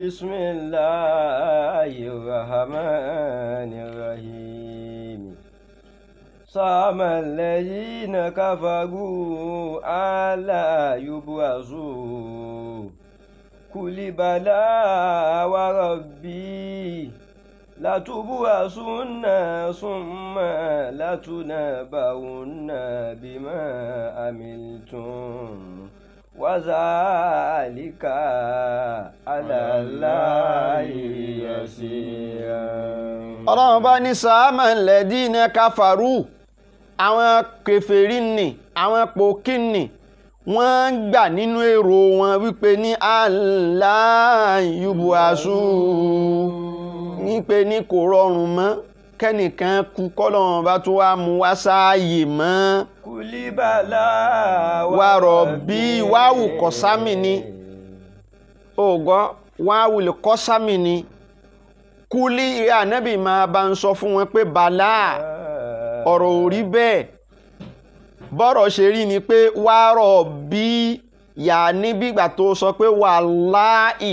بسم الله الرحمن الرحيم صام الذين كفروا ألا يبرزوا قل بلى وربي لتبرزن ثم لتنبؤن بما عملتم وذلك على الله يسير ọlọ́run bá ní sàámà lẹ́dí iná káfàrú àwọn kèfèrí ni? àwọn ni wọ́n ń gbà nínú èrò wọn wípé ní aláàyùbù àṣù wípé ní kò rọrùn mọ́ kẹ́nìkan kú kọ́lọ́run bá tó wá mú wá sáàyè mọ́. kulibala rọ̀ bí wáwù kọ́sámì ni ògọ́ wáwù lè kọ́sámì ni kúlí ìrẹ́ ànábì máa bá ń sọ fún wọn pé bàlá ọ̀rọ̀ ò rí bẹ́ẹ̀ bọ́rọ̀ ṣe rí ni pé wá rọ̀bí yà níbi ìgbà tó sọ pé wàláì.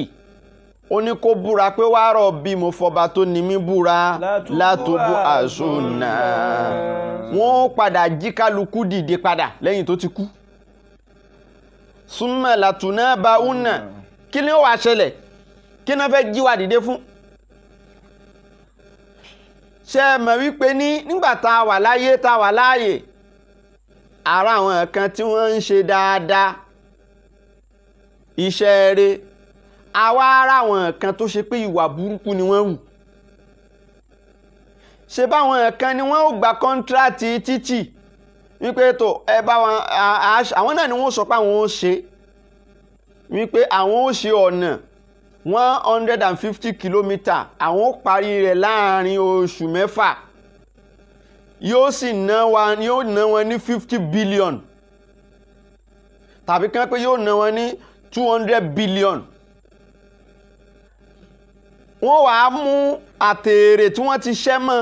ó ní kó búra pé wá rọ̀ bí mo fọba tó ní mí búra látòbú àṣùnà wọ́n padà jí kálukú dìde padà lẹ́yìn tó ti kú súnmọ́ làtúnà bá únà kí ni ó wàá ṣẹlẹ̀ kí ni wọ́n fẹ́ jí wa dìde fún. ṣé ẹ mọ̀ wípé ní nígbà tá a wà láyé tá a wà láàyè ara àwọn kan tí wọ́n ń ṣe dáadáa iṣẹ́ rẹ̀ àwa ara àwọn kan tó ṣe pé ìwà burúkú ni wọ́n hù ṣe báwọn kan ni wọ́n ò gba kọ́ńtíráàtì títì wípé tó ẹ bá wọn àwọn náà ni wọ́n sọ pé àwọn ò ṣe wípé àwọn ò ṣe ọ̀nà one hundred and fifty kilometre àwọn ò parí rẹ̀ láàrin oṣù mẹ́fà yóò sì ná wọn yóò ná wọn ní fifty billion tàbí kí wọ́n pé yóò ná wọn ní two hundred billion wọ́n wàá mú àtèrè tí wọ́n ti ṣẹ́ mọ́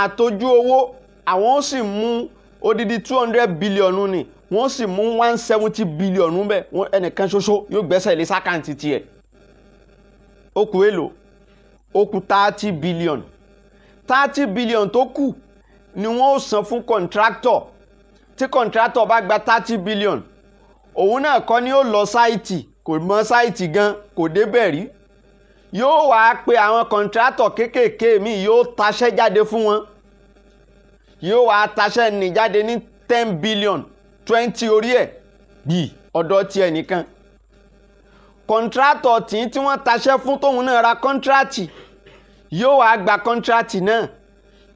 àtọ́jú owó àwọn ó sì mú odidi two hundred billion ni wọ́n sì mú one seventy billion bẹ́ẹ̀ ẹnìkan ṣoṣo yóò gbẹ́sẹ̀ lé sákàǹtì tiẹ̀ ó kù èlò ó thirty billion thirty billion tó kù ni wọ́n ó san fún kọ̀ǹtráktọ̀ tí kọ̀ǹtráktọ̀ bá gba thirty billion òun náà kọ́ ni ó lọ sáìtì kò mọ sáìtì gan kò débẹ̀ rí yóò wá pe àwọn kọ̀ǹtrátọ̀ kéékèèké mi yóò taṣẹ́ jáde fún wọn yóò wá taṣẹ́ ní jáde ní ten billion twenty orí ẹ̀ bíi ọ̀dọ̀ tiẹ̀ nìkan kọ̀ǹtrátọ̀ tí tí wọ́n taṣẹ́ fún tóun náà ra kọ́ńtrátì yóò wá gba kọ́ńtrátì náà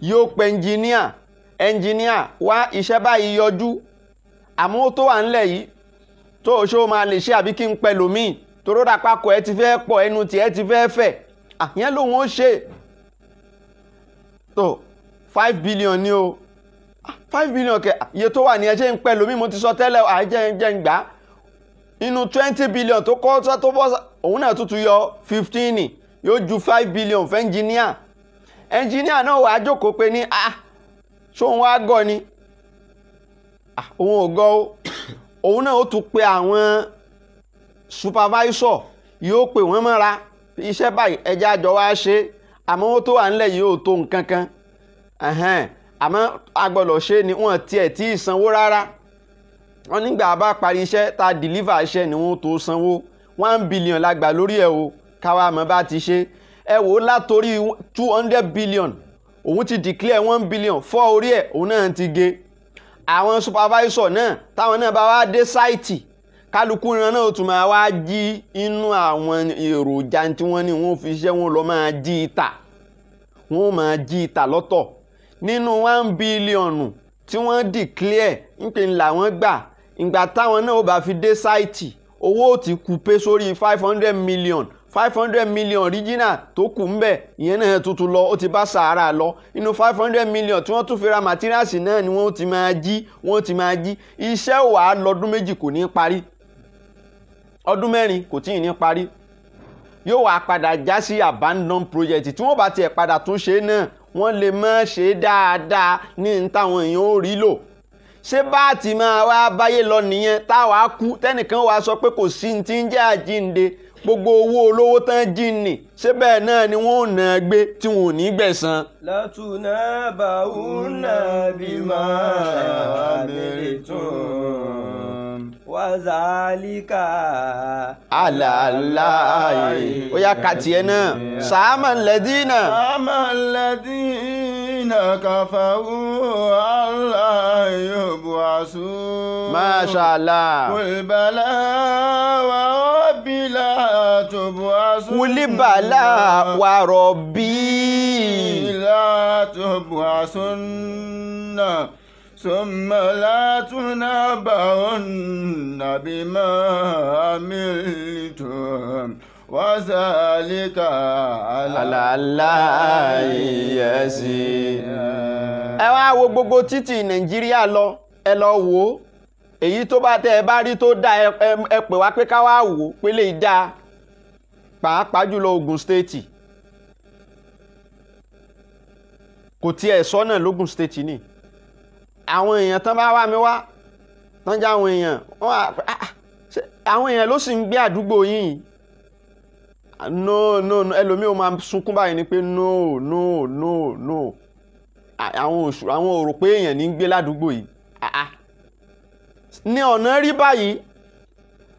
yóò pe ẹnjìníà ẹnjìníà wá iṣẹ́ báyìí yọjú àmọ́ tó wà ńlẹ̀ yìí tó o ṣe máa lè ṣe àbí kí n pẹ̀lú míì toró dàpapọ̀ ẹ ti fẹ́ pọ̀ ẹnu tiẹ̀ ti fẹ́ fẹ̀ àyẹn lòun ó ṣe tó five billion ni o five billion kẹ iye tó wà ní ẹ ṣe ń pẹ́ lómi mo ti sọ tẹ́lẹ̀ àìjẹ́ jẹ́ ń gbà inú twenty billion tó kọ́ tó bọ́ òun náà tuntun yọ fifteen yóò ju five billion fẹ́ ẹnjìníà ẹnjìníà náà wàá jókòó pé ní ah ṣóun wá gọ ni òun ò gọ o òun náà ó tún pe àwọn supervisor yóò pè wọ́n mọ́ra iṣẹ́ báyìí ẹja àjọ wa ṣe àmọ́ owó tó wà nílẹ̀ yìí ò tó nǹkan kan àmọ́ agbọ́dọ̀ ṣe ni wọ́n tiẹ̀ tí ì sanwó rárá wọ́n nígbà bá parí iṣẹ́ tá a deliver iṣẹ́ ni wọ́n tó sanwó one billion la gbà lórí ẹ̀ o káwa mọ̀ bá ti ṣe ẹ wò ó látòrí two hundred billion òun ti declare one billion fọ́ orí ẹ̀ òun náà ti ge àwọn supervisor náà táwọn náà bá wá dé sáìtì kálukú ìran náà tún máa wá jí inú àwọn èròjà tí wọ́n ní wọ́n fi ṣẹ́ wọn lọ máa jí ìta wọ́n máa jí ìta lọ́tọ̀ nínú one bílíọ̀nù tí wọ́n declare ń pè ní làwọn gbà ìgbà táwọn náà ò bá fi dé sáìtì owó ò ti kù pé sórí five hundred million five hundred million original tó kù ń bẹ̀ ìyẹn náà tuntun lọ ó ti bá sàárà lọ inú five hundred million tí wọ́n tún fi ra màtíráàsì náà ni wọ́n ti máa jí wọ́n ti máa jí iṣẹ́ wàá lọ́dún méjì kò ní parí ọdún mẹ́rin kò tí ì ní parí yóò wá padà já sí abandon project tí wọ́n bá tiẹ̀ padà tún ṣe náà wọ́n lè má ṣe dáadáa ní n táwọn èèyàn ò rí lò ṣé bá a ti máa wá báyé lọ nìyẹn táwa kú tẹ́nìkan wá sọ pé kò sí ti ń jẹ́ àjínde gbogbo owó olówó tán jìnnì ṣé bẹ́ẹ̀ náà ni wọ́n ò nà á gbé tí wọn ò ní gbẹ̀san. látùnà bàúnà bí máa bèrè tún wàzàlíkà. alàlàyé ó yá kàtìyẹ náà sàámà lẹ́dínà. sàámà lẹ́dínà kàfàwù aláyò buwasu. masha allah. kùlbàlà wa rọ́bìlà tó buwasu. kùlbàlà wa rọ́bìlà tó buwasu náà. ثم لا تنبؤن بما عملتم وذلك على الله يسير ẹ wá wo gbogbo títì nàìjíríà lọ ẹ lọ wò ó èyí tó bá tẹ ẹ bá rí tó dáa ẹ pè wá pé ká wá wò ó pé lè dáa pàápàá jùlọ Ògùn stéètì kò tiẹ̀ sọ́nà lógùn stéètì nìyí àwọn èèyàn tán bá wá mi wá tán já àwọn èèyàn wọ́n á ah, ah, àwọn èèyàn ló sì ń gbé àdúgbò yìí no no no ẹlòmíì ó máa sunkún báyìí ni pé no no no no àwọn òṣù àwọn òrò pé èèyàn ní gbé ládùúgbò yìí ní ọ̀nà rí báyìí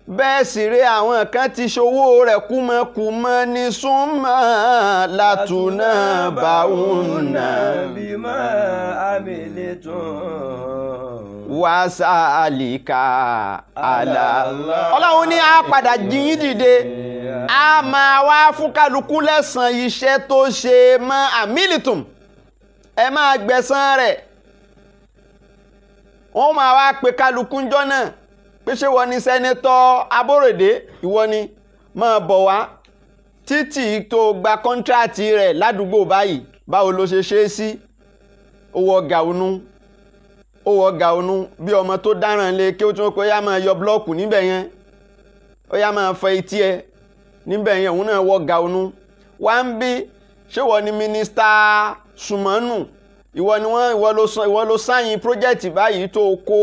bẹ́ẹ̀ sì rẹ àwọn kan ti ṣòwò rẹ̀ kúmọkùmọ ní súnmọ́ látúnà báwùnà bímọ àmìlẹ́tún. wàásà àlìkà àlà. ọlọ́run ní a padà jíyìn dìde a máa wá fún kálukú lẹ́sàn iṣẹ́ tó ṣe mọ́ àmìlẹ́tún ẹ máa gbẹ̀san rẹ̀ wọ́n máa wá pe kálukú jọ náà pé ṣé wọ́n ní sẹ́nẹ́tọ́ Aborode ìwọ ni máa bọ̀ wá títí tó gba kọ́ńtíráàtì rẹ̀ ládùúgbò báyìí báwo ló ṣe ṣe é sí owó ọ̀gá ònú owó ọ̀gá ònú bí ọmọ tó dáràn lé kí ó tún pé ó yá máa yọ búlọ́ọ̀kù níbẹ̀ yẹn ó yá máa fọ etí ẹ níbẹ̀ yẹn òun náà wọ ọ̀gá ònú wá ń bí ṣé wọ́n ní mínísítà Sùmọ́nù ìwọ ni wọ́n ìwọ ló sáyìn pírójẹ́tì báyìí tó kó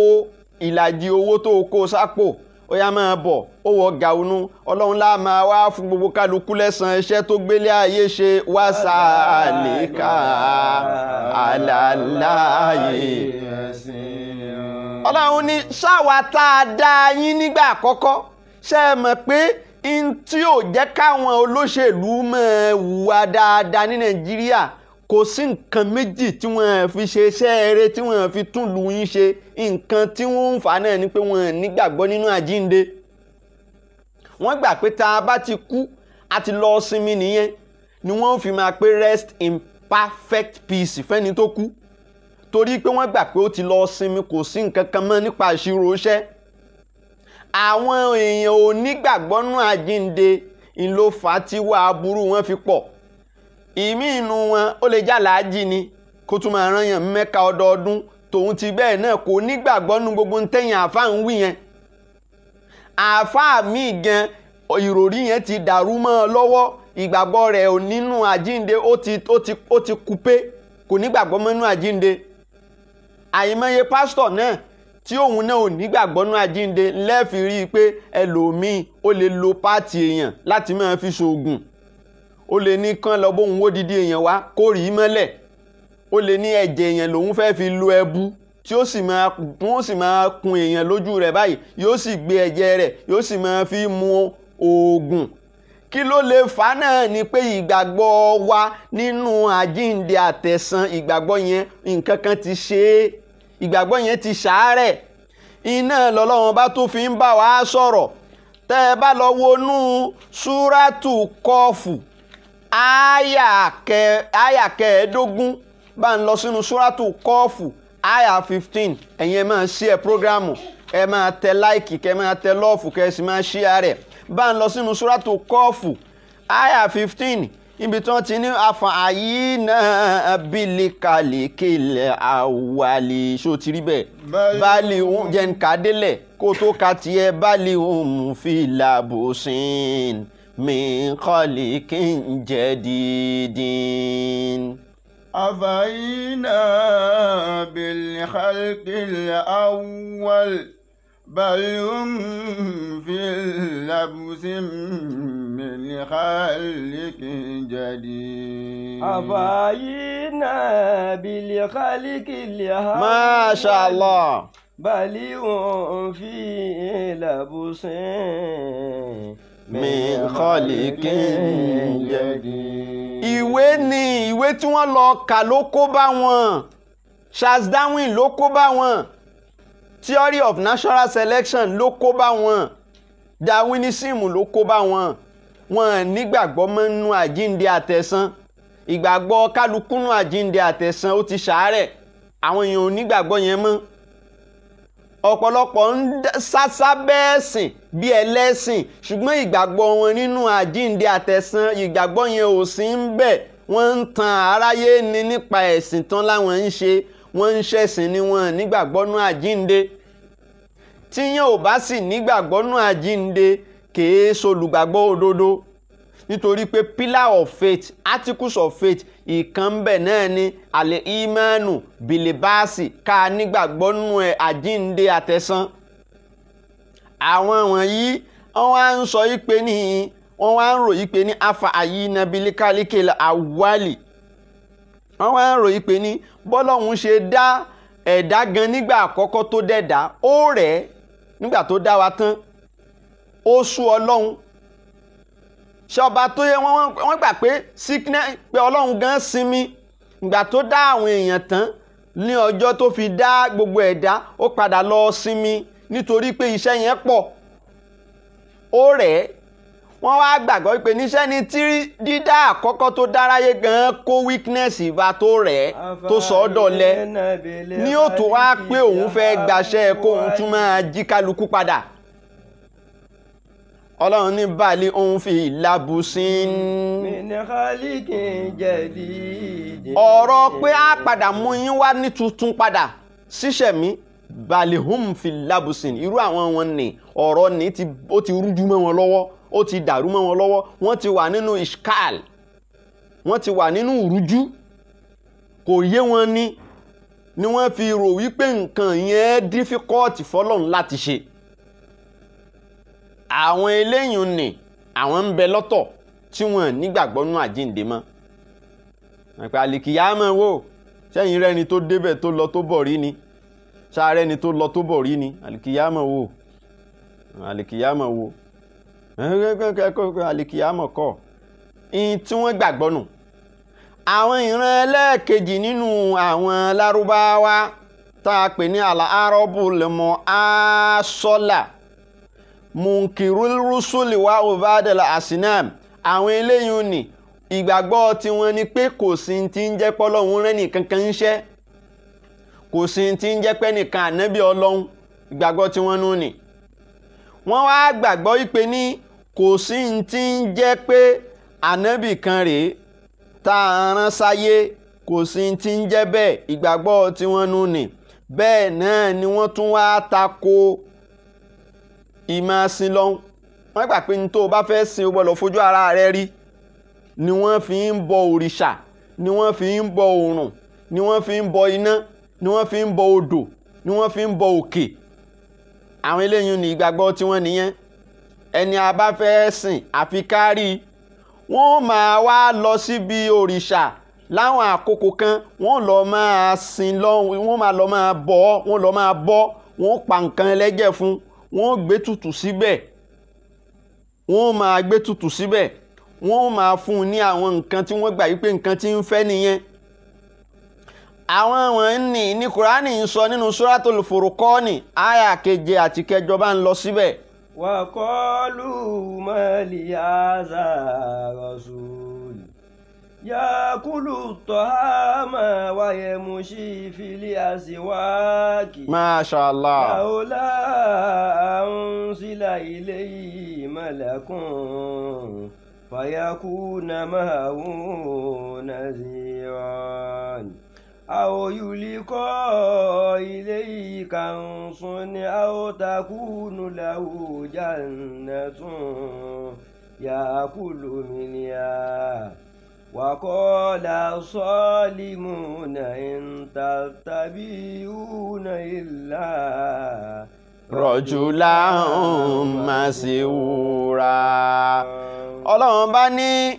ìlàjì owó tó kó sápò ó yá máa bọ̀ ó wọ gàùnú ọlọ́run lá máa wá fún gbogbo kálukú lẹ́sàn-án iṣẹ́ tó gbélé ayé ṣe wá sàlẹ́kà àlàláyé. ọlọ́run ní ṣáwa tá a dá yín nígbà àkọ́kọ́ ṣe é mọ̀ pé n ò jẹ́ káwọn olóṣèlú máa wùwà dáadáa ní nàìjíríà kò sí nǹkan méjì tí wọ́n fi ṣe iṣẹ́ eré tí wọ́n fi tún lu yín ṣe nǹkan tí wọ́n ń fà náà ni pé wọ́n nígbàgbọ́ nínú àjínde wọ́n gbà pé tá a bá ti kú a ti lọ sinmi nìyẹn ni wọ́n fi máa pé rest in perfect peace fẹ́ni tó kú torí pé wọ́n gbà pé ó ti lọ sinmi kò sí nǹkan kan mọ́ nípa ìṣirò iṣẹ́ àwọn èèyàn ò nígbàgbọ́ nínú àjínde ńlọ́fà tí wàá burú wọn fi pọ̀ ìmí inú wọn ó lè já làájì ni kó tún máa rán yàn mẹ́ka ọdọọdún tòun ti bẹ́ẹ̀ náà kò nígbàgbọ́ nu gbogbo ń tẹ̀yìn àáfàá ń wí yẹn àáfàá mi gan ìròrí yẹn ti dàrú mọ́ ọ lọ́wọ́ ìgbàgbọ́ rẹ̀ ò nínú àjínde ó ti ó ti ó ti kupé kò nígbàgbọ́ mọ́nú àjínde àìmọye pásítọ̀ náà tí òun náà ò nígbàgbọ́ nú àjínde lẹ́ẹ̀fì rí i pé ẹlòmíì ó lè lo páàtì èèyàn láti máa fi ṣoògùn ó lè ní kán lọ bóun wó dídí èèyàn wá kó rí i mọ́lẹ̀ ó lè ní ẹ̀jẹ̀ èèyàn lòun fẹ́ fi lu ẹbu tí ó sì máa wọ́n sì máa kun èèyàn lójú rẹ̀ báyìí yóò sì gbé ẹ̀jẹ̀ rẹ̀ yóò sì máa fi mu oògùn kí ló lè fà náà ni pé ìgbàgbọ́ wa nínú àjíǹde àtẹ̀sán ìgbàgbọ́ yẹn nǹkan kan ti ṣe é ìgbàgbọ́ yẹn ti ṣàárẹ̀ iná lọ́lọ́run bá tún fi ń bá wa sọ̀rọ̀ tẹ́ ẹ bá lọ wọnú súrátù kọ́ọ̀fù àyà kẹẹ̀ẹ́dógún bá ń lọ sínú súrátù kọ́ọ̀fù àyà fifteen ẹ̀yin ẹ máa ṣí ẹ prógrámù ẹ máa tẹ láìkì kẹ máa tẹ lọ́ọ̀fù kẹ sì máa ṣí ààrẹ bá ń lọ sínú súrátù kọ́ọ̀fù àyà fifteen ibi tí wọ́n ti ní àfààyí náà bílékalèkélẹ̀ àwàlè ṣó ti rí bẹ́ẹ̀ báàlì um, jẹ́ǹkadélẹ̀ kó tó ka tiẹ̀ báàlì òun um fi làbòsìn. من خلق جديد أفينا بالخلق الأول بل هم في لبس من خلق جديد أفينا بالخلق الأول ما شاء الله بل هم في لبس min khaliqin jadid. ìwé ni ìwé tí wọ́n lọ kà ló kó bá wọn Charles Darwin ló kó bá wọn theory of natural selection ló kó bá wọn Darwinism ló kó bá wọn wọn nígbàgbọ́ mọ́ nínú àjíǹde àtẹ̀sán ìgbàgbọ́ kálukú nínú àjíǹde àtẹ̀sán ó ti ṣàárẹ̀ àwọn èèyàn ò nígbàgbọ́ yẹn mọ́ ọ̀pọ̀lọpọ̀ ń sásá bẹ́ẹ̀ sìn bí ẹlẹ́sìn ṣùgbọ́n ìgbàgbọ́ wọn nínú àjíǹde àtẹ̀sán ìgbàgbọ́ yẹn ò sí ń bẹ̀ wọ́n ń tan aráyé ni nípa ẹ̀sìn tán láwọn ń ṣe wọ́n ń ṣẹ̀sìn ni wọ́n nígbàgbọ́ àjíǹde tíyẹn ò bá sì nígbàgbọ́ nú àjíǹde kèé solùgbàgbọ́ òdodo nítorí pé pillar of faith articles of faith ìkan bẹ̀ náà ni àlẹ́ ìmánu bìlìbáàsì ká nígbàgbọ́ nù ẹ̀ àjíǹde àtẹ̀sán. àwọn wọ̀nyí wọ́n wá ń sọ yí pé ní wọ́n wá ń ròyìn pé ní afa àyí nabili kálékèlè àwálì wọ́n wá ń ròyìn pé ní bọ́lọ́hún ṣe dá ẹ̀dá gan nígbà àkọ́kọ́ tó dẹ̀dá ó rẹ̀ nígbà tó dá wa tán ó sú ọlọ́hun ṣọba tó yẹ wọ́n gbà pé sickness pé ọlọ́run gan sinmi ìgbà tó dá àwọn èèyàn tán ní ọjọ́ tó fi dá gbogbo ẹ̀dá ó padà lọ sinmi nítorí pé iṣẹ́ yẹn pọ̀ ó rẹ̀ ẹ́ wọ́n wá gbàgbọ́ pé níṣẹ́ ni tí dídá àkọ́kọ́ tó dáráyé gan-an kó weakness ìbá tó rẹ̀ ẹ́ tó sọ ọ́ dọ̀lẹ ní òtún wá pé òun fẹ́ gbaṣẹ́ kóun tún máa jí kálukú padà ọlọ́run ní bàálí òun fi lábùsín. mìnìkálíkì jẹ̀dí. ọ̀rọ̀ pé a padà mú yín wá ní tuntun padà ṣíṣẹ̀mí bàálí òun fi lábùsín irú àwọn wọn ni ọ̀rọ̀ ni ó ti rújú mọ́ wọn lọ́wọ́ ó ti dàrú mọ́ wọn lọ́wọ́ wọ́n ti wà nínú iskal wọ́n ti wà nínú ìrújú kò yé wọn ni ni wọ́n fi rò wípé nǹkan yẹn dífíkọ́ọ̀tì fọlọ́run láti ṣe àwọn eléyìí nì àwọn ń bẹ lọ́tọ̀ tí wọ́n nígbàgbọ́ nú àjíǹde mọ́ àpẹ àlìkìyà mọ̀ wò sẹ́yìn rẹ́ni tó débẹ̀ tó lọ tó bọ̀ rí ni sáré ni tó lọ tó bọ̀ rí ni àlìkìyà mọ̀ wò àlìkìyà mọ̀ wò àlìkìyà mọ̀ kọ́ ihun tí wọ́n gbàgbọ́ nù àwọn ìran ẹlẹ́ẹ̀kejì nínú àwọn lárúbáwá tá a pè ní àlà arọ́bù lè mọ munkirul rusuli wa ubadala asinam àwọn eléyìí ni ìgbàgbọ́ tiwọn ni pé kò sí ti ń jẹ́ pọ́lọ́hún rẹ́ nìkan kan ń ṣẹ́ kò sí ti ń jẹ́ pẹ́ nìkan ànábì ọlọ́hún ìgbàgbọ́ tiwọn nù ni wọ́n wá gbàgbọ́ ìpè ní kò sí ti ń jẹ́ pé ànábì kan rèé tá a rán sáyé kò sí ti ń jẹ́ bẹ́ẹ̀ ìgbàgbọ́ tiwọn nù ni bẹ́ẹ̀ náà ni wọ́n tún wá tako ìmọ̀ sin lọ́hún wọ́n gbà pé ní tó o bá fẹ́ sin o gbọ́dọ̀ fojú ara rẹ rí ni wọ́n fi ń bọ òrìṣà ni wọ́n fi ń bọ òrùn ni wọ́n fi ń bọ iná ni wọ́n fi ń bọ odò ni wọ́n fi ń bọ òkè àwọn eléyìí ní ìgbàgbọ́ tiwọn nìyẹn ẹni a bá fẹ́ sìn àfi kárí wọ́n máa wá lọ síbi òrìṣà láwọn àkókò kan wọ́n lọ máa sìn lọ wọ́n máa lọ máa bọ wọ́n lọ máa bọ wọ́n pa nǹkan ẹlẹ́jẹ̀ fún un wọ́n gbé tutù síbẹ̀ wọ́n máa gbé tutù síbẹ̀ wọ́n máa fún un ní àwọn nǹkan tí wọ́n gbà wípé nǹkan tí ń fẹ́ nìyẹn àwọn wọ̀nyí ní kùránì ń sọ nínú suratul furukọ́ọ̀nì àyà keje àti kẹjọ bá ń lọ síbẹ̀. wàkọ́lù mọ́lì àzàrọ̀sùn. يأكل الطعام ويمشي في الأسواق ما شاء الله لولا أنزل إليه ملك فيكون معه نذيرا أو يلقى إليه كنص أو تكون له جنة يأكل منها وقال الظالمون إن تتبعون إلا رجلا مسحورا ọlọ́run bá ní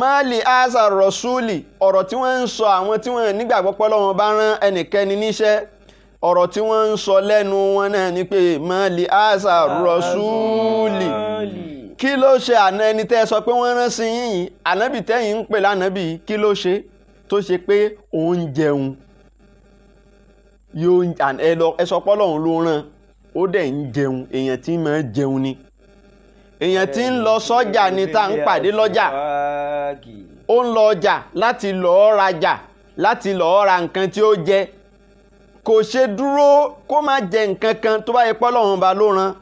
máàlì asa rọ̀ṣúlì ọ̀rọ̀ tí wọ́n ń sọ àwọn tí wọ́n nígbàgbọ́ pé Ọlọ́run bá rán ẹnìkẹ́ni níṣẹ́ ọ̀rọ̀ tí wọ́n ń sọ lẹ́nu wọn náà ni pé máàlì asa rọ̀ṣúlì kí ló ṣe àna ẹni tẹ́ ẹ sọ pé wọ́n rán sí yín yìí ànábì tẹ́yìn ń pè lánàbì kí ló ṣe tó ṣe pé òun jẹun yóò ẹ lọ ẹ sọ pọ́lọ́hún ló rán ó dẹ̀ ń jẹun èèyàn tí máa jẹun ni èèyàn tí ń lọ sọ́jà ni tá à ń pàdé lọ́jà ó ń lọ ọjà láti lọ́ọ́ rajà láti lọ́ọ́ ra nǹkan tí ó jẹ kò ṣe dúró kó má jẹ nǹkan kan tó bá yẹ pọ́lọ́hún ba ló rán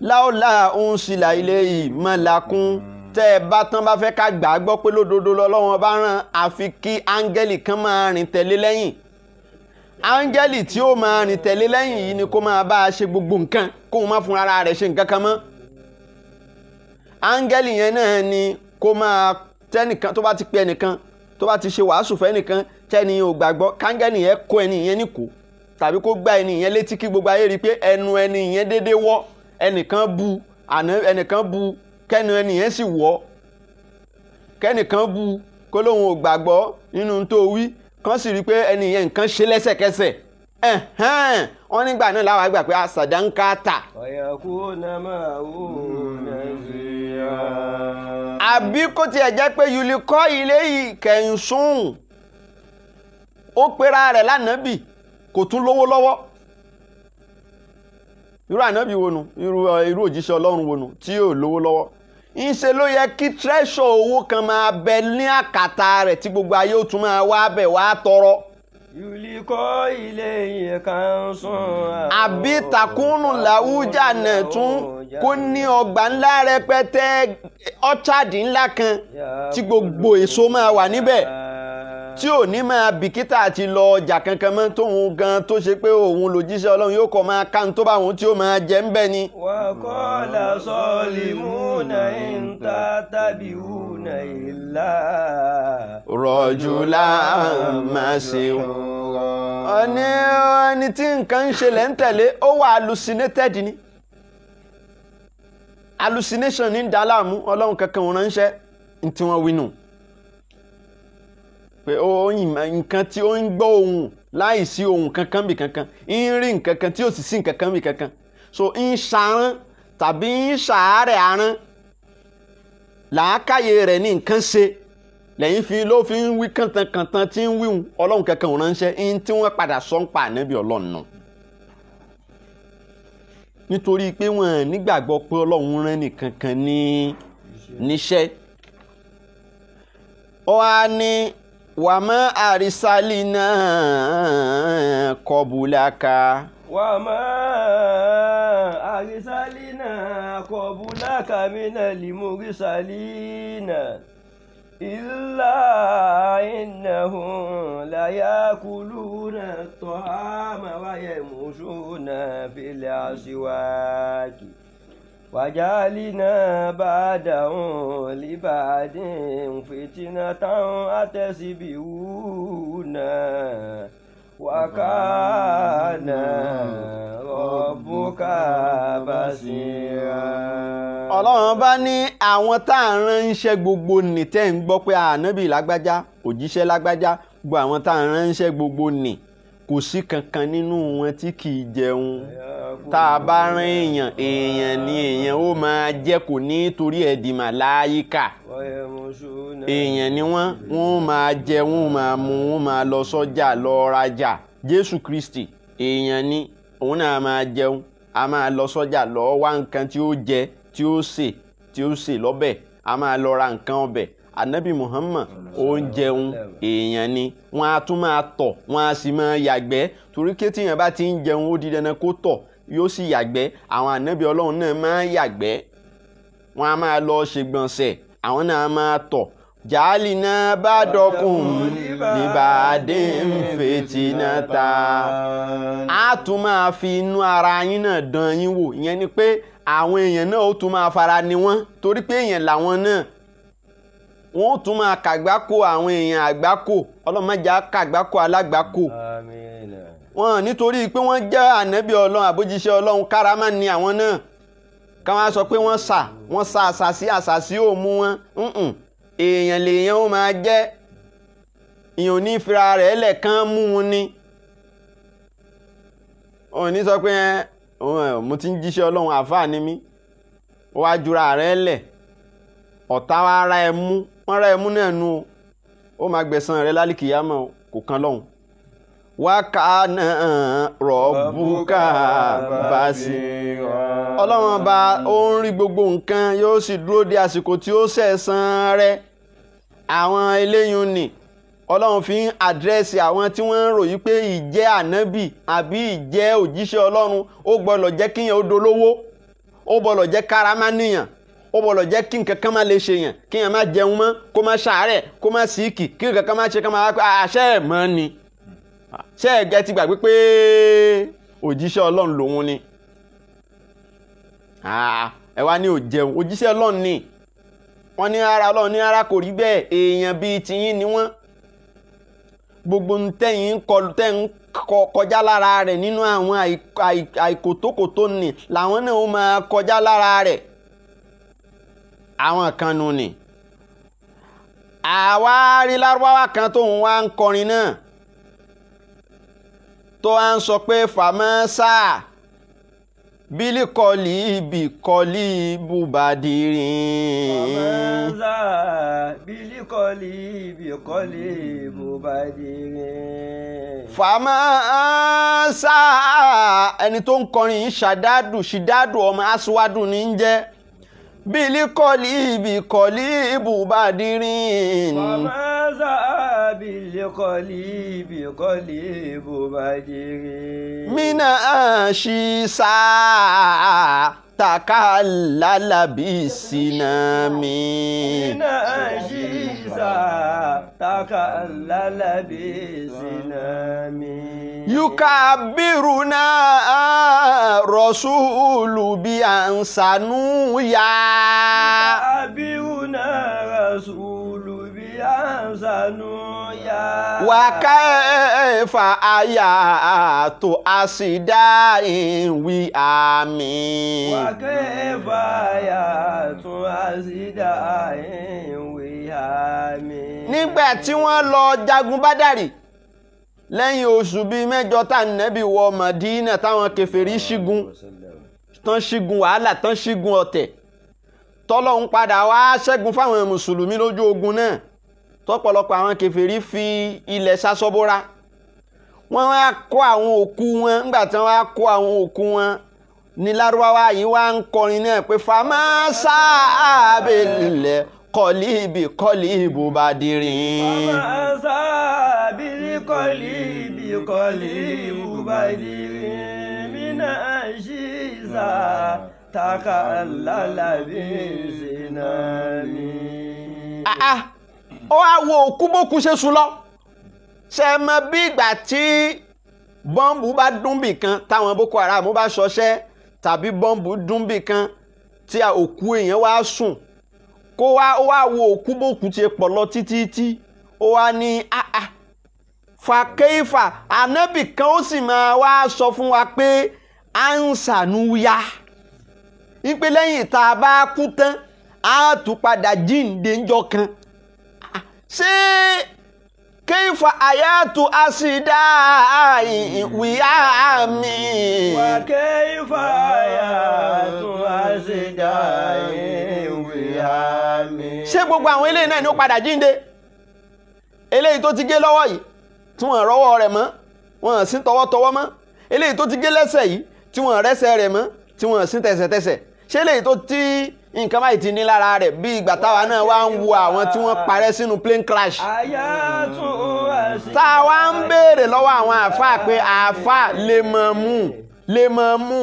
láòlà òun là ilé yìí mọ̀lákún tẹ́ ẹ bá tán bá fẹ́ ká gbà á gbọ́ pé lódodo lọ́lọ́wọ́n bá rán àfi kí áńgẹ́lì kan máa rìn tẹ̀lé lẹ́yìn áńgẹ́lì tí ó máa rìn tẹ̀lé lẹ́yìn yìí ni kó máa bá a ṣe gbogbo nǹkan kó o má fún ara rẹ̀ ṣe nǹkan kan mọ́ áńgẹ́lì yẹn náà ni kó máa tẹ́nìkan tó bá ti pe ẹnìkan tó bá ti ṣe wàásù fẹ́nìkan tẹ́ni ò gbàgbọ́ káńgẹ́lì yẹn kó ẹni yẹn níkù tàbí kó gbá ẹni yẹn létí kí gbogbo ayé rí pé ẹnu ẹni yẹn déédéé wọ́ ẹnìkan bu ẹnìkan bu kẹ́nu ẹni yẹn sì wọ́ kẹ́nìkan bu kó lóun ò gbàgbọ́ nínú tó wí kán sì rí i pé ẹni yẹn nǹkan ṣe lẹ́sẹ̀kẹsẹ̀ ẹ̀hẹ́n wọ́n nígbà náà láwa gbà pé àṣàdá ń ká tà. ọ̀yàkú náà máa wò ó nàìjíríà. àbí kó tiẹ̀ jẹ́ pé yuli kọ́ ilé yìí kẹ̀yìn sùn ó pera rẹ̀ lánàá bì kò tún lówó lọ́wọ́ irú ànábì wo nu irú òjíṣẹ́ ọlọ́run wo nu tí yóò lówó lọ́wọ́ ńṣe ló yẹ kí tírẹ́ṣọ̀ owó kan máa bẹ ní àkàtà rẹ̀ tí gbogbo ayé ó tún máa wá bẹ̀ wá tọrọ. Yulikọ ilé iye kan sùn. Àbí takunu làwùjá náà tún kó ní ọgbà ńlá rẹpẹtẹ ọ́chàdì ńlá kan tí gbogbo èso máa wà níbẹ̀ tí ò ní máa bìkítà àti lọ ọjà kankan mọ́ tóun gan tó ṣe pé òun lòjíṣẹ́ ọlọ́run yóò kọ́ máa ká tó bá òun tí ó máa jẹ ń bẹ́ ni. wà á kọ́ la sọ́ọ̀lì múnà ìta tàbí hùnà ìlà. rọ̀jù láàmà ṣe wọ́n. ẹni tí nǹkan ń ṣẹlẹ̀ ń tẹ̀lé ó wà hallucinated ni hallucination ní ń dá láàmú ọlọ́run kankan ò ránṣẹ́ ní tí wọ́n wí pé ó nǹkan tí ó ń gbọ́ ohùn láì sí ohùn kankan bì kankan ń rí nǹkan kan tí ó sì sí nǹkan kan bì kankan so ń ṣarán tàbí ń ṣàárẹ̀ arán làákàyè rẹ̀ ní nǹkan ṣe lẹ́yìn fi ló fi ń wí kàntankàntan tí ń wíhun ọlọ́run kankan ò ránṣẹ́ ń tí wọ́n padà sọ ń pa ànábì ọlọ́run náà nítorí pé wọ́n nígbàgbọ́ pé ọlọ́run rán nìkankan ní níṣẹ́ ó wá ní wàmọ́ àrísálì náà kọbùláka. wàmọ́ àrísálì náà kọbùláka mínà lìmúrísálì náà ìlà ìnáhùn láyàkúlù náà tọ́ àmàwáyẹ̀mùsùn náà fìlà síwájú. وجعلنا بعدهم لبعد فتنة أتسبون وكان ربك بصيرا. ọlọ́run bá ní àwọn tá à ń ránṣẹ́ gbogbo nì tẹ́ ń gbọ́ pé ànábì lágbájá òjíṣẹ́ lágbájá gbogbo àwọn tá à ń ránṣẹ́ gbogbo nì kò sí kankan nínú wọn tí kì í jẹun tá a bá rán èèyàn èèyàn ni èèyàn ó máa jẹ kò ní torí ẹ̀ di màláyíkà èèyàn ni wọ́n wọ́n máa jẹ wọ́n máa mu wọ́n máa lọ sọ́jà lọ rajà Jésù Kristi èèyàn ni òun náà máa jẹun a máa lọ sọ́jà lọ wá nǹkan tí ó jẹ tí ó sè tí ó sè lọ́bẹ̀ a máa lọ ra nǹkan ọbẹ̀ anabi muhammad oúnjẹun èèyàn ni wọn a tún máa tọ̀ wọn a sì máa yàgbẹ́ torí kétíyàn bá ti ń jẹun ó di dandan kó tọ̀ yóò sì yàgbẹ́ àwọn anabi ọlọ́run náà máa yàgbẹ́ wọn a máa lọ ṣègbọ̀nsẹ̀ àwọn náà máa tọ̀ jaali náà bá dọkùn níbàdí ń fetí náà ta a tún máa fi inú ara yín náà dán yín wò ìyẹn ni pé àwọn èèyàn náà ó tún máa fara ni wọ́n torí pé èèyàn làwọn náà wọn ó tún máa kàgbákò àwọn èèyàn àgbákò ọlọ́mọdé kàgbákò alágbákò wọn nítorí pé wọ́n jẹ́ ànábì ọlọ́run àbójíṣẹ́ ọlọ́run káràmá ni àwọn náà káwọn sọ pé wọ́n sà wọ́n sà àṣàṣì àṣàṣì ò mú wọn èèyàn lèèyàn ó máa jẹ́ ìyẹn ò ní fira rẹ̀ lẹ́ẹ̀kan mú un ni ò ní sọ pé mo ti ń jíṣẹ́ ọlọ́run àfáà ni mí wàá jura rẹ̀ lẹ̀ ọ̀tá wa ara ẹ mú pọ́nra ẹmú náà nu o ó máa gbẹ̀san rẹ lálìkìyàmọ̀ kò kan lọ́hùn. wákàánà rọ̀bùkà bá sí ọlọ́run ọba ó ń rí gbogbo nǹkan yóò sì dúró de àsìkò tí ó ṣẹ̀san rẹ àwọn eléyìí ni ọlọ́run fi ń àdírẹ́sì àwọn tí wọ́n ń ròyìn pé ìjẹ́ ànábì àbí ìjẹ́ òjíṣẹ́ ọlọ́run ó gbọ́dọ̀ jẹ́ kíyàn ó dolówó ó gbọ́dọ̀ jẹ́ kárámánìyàn ó bọ̀lọ̀ jẹ́ kí nǹkan kan má lè ṣe yàn kí yàn má jẹun mọ́ kó má ṣàárẹ̀ kó má síìkì kí nǹkan kan má ṣe kan má wá pé àṣẹ ah, ẹ̀ mọ́ ni ṣé ẹ̀gẹ́ ti gbàgbé pé òjíṣẹ́ ọlọ́run lòun ni ah, ẹ wá ní òjẹun òjíṣẹ́ ọlọ́run ni wọ́n ní ara ọlọ́run ní ara kò rí bẹ́ẹ̀ èèyàn bíi tiyín ni wọ́n gbogbo tẹ́yìn kọlu tẹ́yìn kọjá lára rẹ̀ nínú àwọn àìkòtókòtó nì làwọn náà ó máa kọjá lára rẹ̀ àwọn kan nu ni àwa rí lárúbáwá kan tóun wá ń kọrin náà tó à ń sọ pé fàmọ́sà bílí kọlí ibì kọlí bùbàdìrín. fàmọ́sà bílí kọlí ibì kọlí bùbàdìrín. fàmọ́sà ẹni tó ń kọrin ṣàdádù ṣìdádù ọmọ aṣíwádù ní í jẹ́ bílí kọ́lí ibì kọ́lí ibùbádìrín. fàmásà bílí kọ́lí ibì kọ́lí ibùbádìrín. mina ṣì sá taka lalabi sinami. mina ṣì sá taka lalabi sinami yukabiruna rasulu bi ansanu ya. yukabiruna rasulu bi ansanu ya. wakaifa ayatu asidain wi ami. wakaifa ayatu asidain wi ami. nígbà tí wọ́n lọ jagun bádàrí lẹ́yìn oṣù bíi mẹ́jọ tá nẹ́bí wọ Màdínà táwọn kèfèrí ṣígun tán ṣígun wàhálà tán ṣígun ọ̀tẹ̀ tọ́lọ́hún padà wá ṣẹ́gun fáwọn mùsùlùmí lójú ogun náà tọ́pọ̀lọpọ̀ àwọn kèfèrí fi ilẹ̀ ṣaṣọ́bóra wọ́n wá kó àwọn òkú wọn nígbà tí wọ́n wá kó àwọn òkú wọn ní lárúbáwá yìí wá ń kọrin náà pé fàmásà àbẹ̀lẹ̀ kọ̀líìbì kọ̀líìbù bá dirin. àmàṣà bílí kọ̀líìbì kọ̀líìbù bá dirin mínà ṣíṣà takà lálàbí sinami. Ah, ah. ó wá wo òkú bókú ṣe sùn lọ ṣe mọ bí ìgbà tí bọ́ǹbù bá dún bì kan táwọn boko haram bá ṣọṣẹ́ tàbí bọ́ǹbù dún bì kan tí òkú èèyàn wá sùn kó wá ó wá wo òkú bòkú ṣe pọ̀ lọ títí tí ó wá ní àà ah, ah, fàkéfà ànábì kan ó sì máa wá sọ fún wa pé à ń sànúyà wípé lẹ́yìn tá a bá kú tán á tún padà jíǹde ńjọ́ kan ṣé kéfà àyàtò àṣìdá ìwìyà mi. wà kéfà àyàtò àṣìdá ìwìyà àmín. ṣé gbogbo àwọn eléyìí náà ni ó padà jíǹde eléyìí tó ti gé lọ́wọ́ yìí tí wọ́n rọ́wọ́ rẹ̀ mọ́ wọ́n sì tọwọ́tọwọ́ mọ́ eléyìí tó ti gé lẹ́sẹ̀ yìí tí wọ́n rẹ́sẹ̀ rẹ̀ mọ́ tí wọ́n sì tẹ̀sẹ̀tẹ̀sẹ̀ ṣé eléyìí tó ti nǹkan báyìí ti ní lára rẹ̀ bí ìgbà táwa náà wá ń wo àwọn tí wọ́n parẹ́ sínú plane crash. tá a wá ń béèrè lọ́wọ́ àwọn àáfàá pé àáfàá lè mọ̀ mú lè mọ̀ mú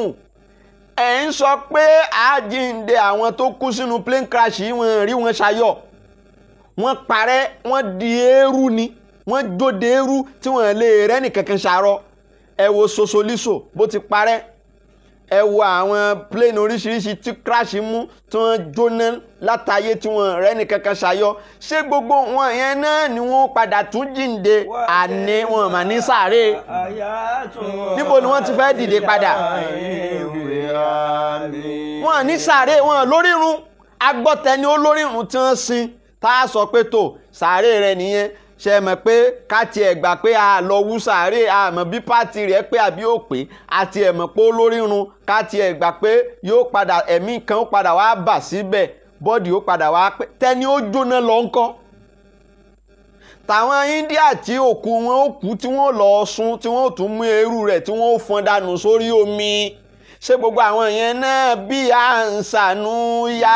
ẹ̀ ń sọ pé àjíǹde àwọn tó kú sínú plane crash yìí wọ́n rí wọn ṣayọ̀ wọ́n parẹ́ wọ́n di eérú ni wọ́n jóde eérú tí wọ́n lè rẹ́nì kankan ṣàrọ̀ ẹ wo Sosoliso bó ti parẹ́ ẹ wo àwọn plane oríṣiríṣi tí crash mú tí wọ́n jóná látàyè tí wọ́n rẹ́ nìkankan ṣayọ ṣé gbogbo wọn yẹn náà ni wọ́n padà tún jíǹde àní wọn mà ní sàárè níbo ni wọ́n ti fẹ́ dìde padà wọn ní sàárè wọn lórírun agbọ́tẹni olórírun tí wọ́n sin tá a sọ pé tó sàárè rẹ nìyẹn ṣe mọ̀ pé ká tiẹ̀ gbà pé a lọ wú sàárè a mọ̀ bí pátì rẹ̀ pé àbí ò pé a tiẹ̀ mọ̀ pé olórí run ká tiẹ̀ gbà pé yóò padà ẹ̀mí kan ó padà wá bà síbẹ̀ bọ́ọ̀dì ó padà wá pé tẹ́ni ó jóná lọ ńkọ́ tàwọn India tí òkú wọn ó kú tí wọ́n lọ sun tí wọ́n tún mú eérú rẹ̀ tí wọ́n ó fọn dànù sórí omi ṣé gbogbo àwọn yẹn náà bí à ń sànú ya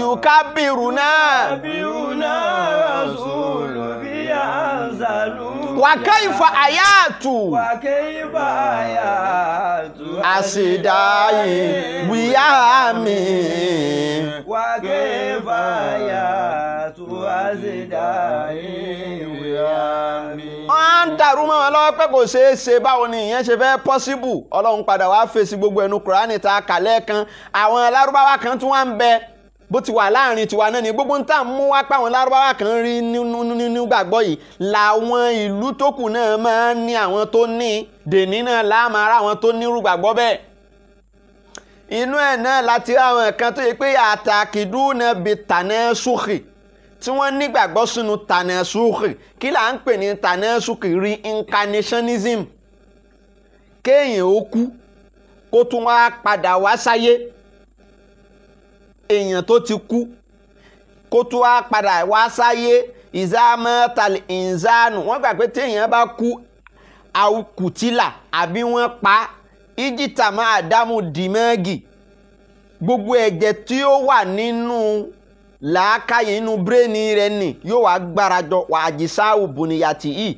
yukabiru náà. yukabiru náà rasulù bí. ينزلون وكيف آيات وكيف آيات أسدائي ويامي وكيف آيات أسدائي wọ́n ń dàrú mọ́ wọn lọ́wọ́ pé kò ṣeé ṣe báwo ni ìyẹn ṣe fẹ́ pọ́síbù ọlọ́run padà wá fèsì gbogbo ẹnu kùránì ta kàlẹ́ kan àwọn alárúbáwá kan tún wá ń bẹ bó ti wà láàrin tiwa náà ni gbogbo ń tà mú wá páwọn lárúbáwá kan rí nínú gbàgbọ́ yìí làwọn ìlú tó kù náà máa ń ní àwọn tó ní dèní náà láàmà ara àwọn tó nírú gbàgbọ́ bẹ́ẹ̀ inú ẹ̀ náà láti àwọn kan tó yẹ pé àtàkìdú náà bi tànà sùkì tí wọ́n nígbàgbọ́ sínú tànà sùkì kí là ń pè ní tànà sùkì reincarnationism kéèyàn ó kú kó tún wá padà wá sáyé èèyàn tó ti kú kó tó wá padà wá sáyé ìzámọ́tàlì ìzánù wọ́n gbà pé téèyàn bá kú àwùkùtìlà àbí wọ́n pa íjìtà máa dámú dìmẹ́gì gbogbo ẹ̀jẹ̀ tí ó wà nínú làákàyè inú bírèèni rẹ̀ nì yóò wá gbárajọ wà àjísáwò bùnìyàtì yìí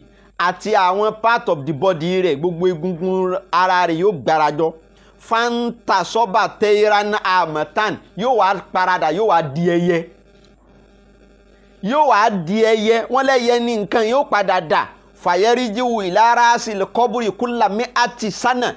àti àwọn part of the body rẹ̀ gbogbo egungun ara rẹ̀ yóò gbárajọ fantasọba tẹyiran amẹtan yóò wá parada yóò wá di ẹyẹ yóò wá di ẹyẹ wọn lẹyẹ ní nǹkan yóò padà dà fàyẹrìjìwù ìlara sílẹkọbùrì kúlàmí àti sánà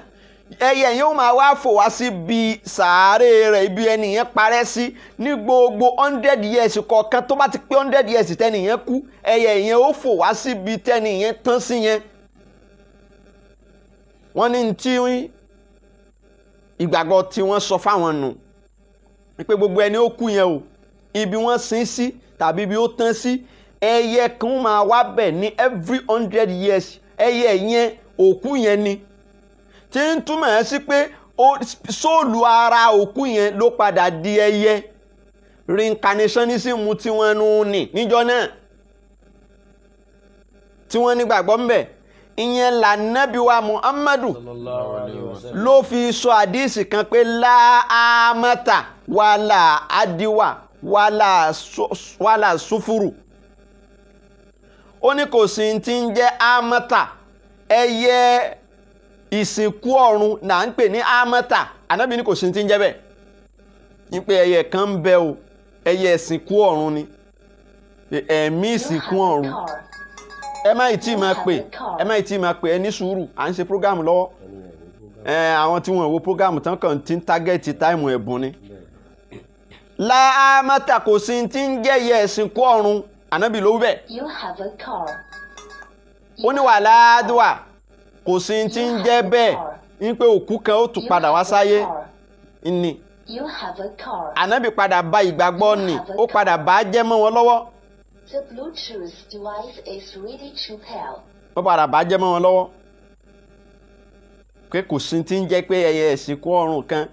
ẹyẹ yóò máa wá fò wá sí ibi sàárè rẹ̀ ibi ẹnìyẹn parẹ́ sí ní gbogbo hundred years kọ̀ọ̀kan tó bá ti pé hundred years tẹnìyẹn kú ẹyẹ yẹn ó fò wá síbi tẹnìyẹn tán sí yẹn wọ́n ní tí ìgbàgbọ́ tí wọ́n sọ fáwọn nù pé gbogbo ẹni ó kú yẹn o ibi wọ́n sin sí tàbí ibi ó tán sí ẹyẹ kan máa wá bẹ̀ ní every hundred years ẹyẹ yẹn òkú yẹn ni tí ń túmọ̀ ẹ́ sí pé sóòlù ara òkú yẹn ló padà di ẹyẹ reincarnationism tí wọ́n nù ní níjọ́ náà tí wọ́n nígbàgbọ́ ń bẹ̀. ìyẹn lànàbí wa muhammadu ló fi sọ àdíìsì kan pé láàmọ́ta wàlà adiwa wàlà sufuru ó ní kò sí ti ń jẹ́ amọ́ta ẹyẹ ìsìnkú ọ̀run là ń pè ní amọ́ta ànábì ní kò sí ti ń jẹ́ bẹ́ẹ̀ ní pé ẹyẹ kan ń bẹ o ẹyẹ ìsìnkú ọ̀run ni ẹ̀mí ìsìnkú ọ̀run. ẹ má ì tí máa pè ẹ má ì tí máa pè ẹ ní sùúrù à ń ṣe prógámù lọ́wọ́ ẹ àwọn tí wọn wo prógámù tán kàn ti ń tágẹ́ẹ̀tì táìmù ẹ̀bùn ni. láàmátà kò sí ti ń jẹ́yẹ ẹ̀sìn kú ọ̀run ànábì ló bẹ̀. ó ní wà láàdùà kò sí ti ń jẹ́ bẹ́ẹ̀ ń pé òkú kan ó tún padà wá sáyé ni ànábì padà bá ìgbàgbọ́ ni ó padà bá jẹ́ mọ́ wọn lọ́wọ́. The Bluetooth device is ready to pair. wọ́n padà bàjẹ́ mọ́ wọn lọ́wọ́ pé kò sí ti ń jẹ́ pé ẹyẹ ìsìnkú ọ̀run kan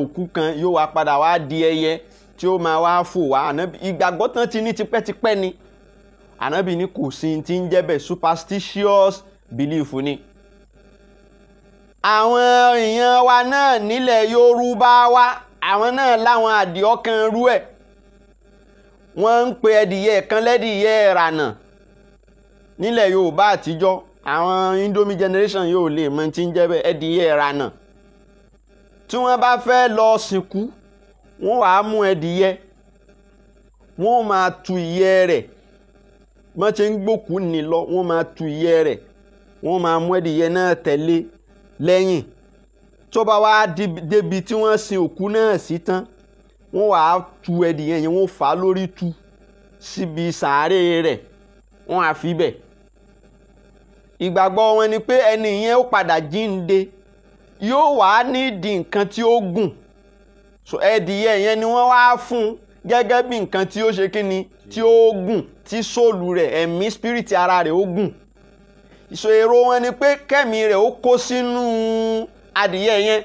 òkú kan yóò wá padà wá di ẹyẹ tí ó máa wá fò wá ìgbàgbọ́ tán ti ní tipẹ́tipẹ́ ni ànábì ní kò sí ti ń jẹ́ bẹ́ẹ̀ superstitious belief ni. àwọn èèyàn wa náà nílẹ̀ Yorùbá wa àwọn náà láwọn àdìọ́kan rú ẹ̀ wọ́n ń pe ẹdìyẹ kan lẹ́dìyẹ ìrànà nílẹ̀ yorùbá àtijọ́ àwọn indomie generation yóò lè mọ tí ń jẹ́ bẹ́ẹ̀ ẹdìyẹ ìrànà tí wọ́n bá fẹ́ lọ sìnkú wọ́n wàá mú ẹdìyẹ wọ́n máa tu ìyẹ́ rẹ̀ wọ́n ti ń gbókù ní lọ wọ́n máa tu ìyẹ́ rẹ̀ wọ́n máa mú ẹdìyẹ náà tẹ̀lé lẹ́yìn tó bá wá débi tí wọ́n sin òkú náà sí tán wọ́n wàá tu ẹdìyẹ yẹn wọ́n fà á lórí tu síbi sàárè rẹ̀ wọ́n á fi bẹ̀. ìgbàgbọ́ wọn ni pé ẹni yẹn ó padà jíǹde yóò wá nídìí nǹkan tí ó gùn so ẹdìyẹ yẹn ni wọ́n wá fún gẹ́gẹ́ bí nǹkan tí ó ṣe kí ni tí ó gùn tí sóòlù rẹ̀ ẹ̀mí spirit ara rẹ̀ ó gùn so èrò wọn ni pé kẹ́mi rẹ̀ ó kó sínú adìyẹ yẹn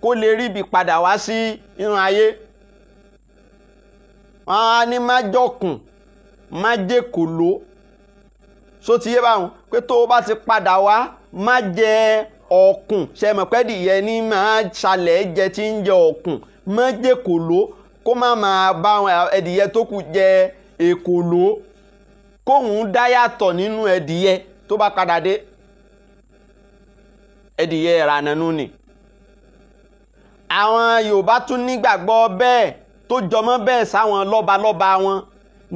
kó lè ríbi padà wá sí inú ayé wọ́n á ní májọ̀kùn májèkòló so ti yé báwọn pé tó o bá ti padà wá má jẹ ọ̀kùn ṣe mọ̀ pé dìyẹ ní máa ṣàlẹ̀ jẹ tí ń jẹ ọ̀kùn májèkòló kó má máa bá ẹdìyẹ tó kù jẹ èkòló kóhun dá yàtọ̀ nínú ẹdìyẹ tó bá padà dé ẹdìyẹ ìrànánú ni àwọn Yorùbá tún nígbàgbọ́ bẹ́ẹ̀ tó jọmọ́ bẹ́ẹ̀ sáwọn lọ́balọ́ba wọn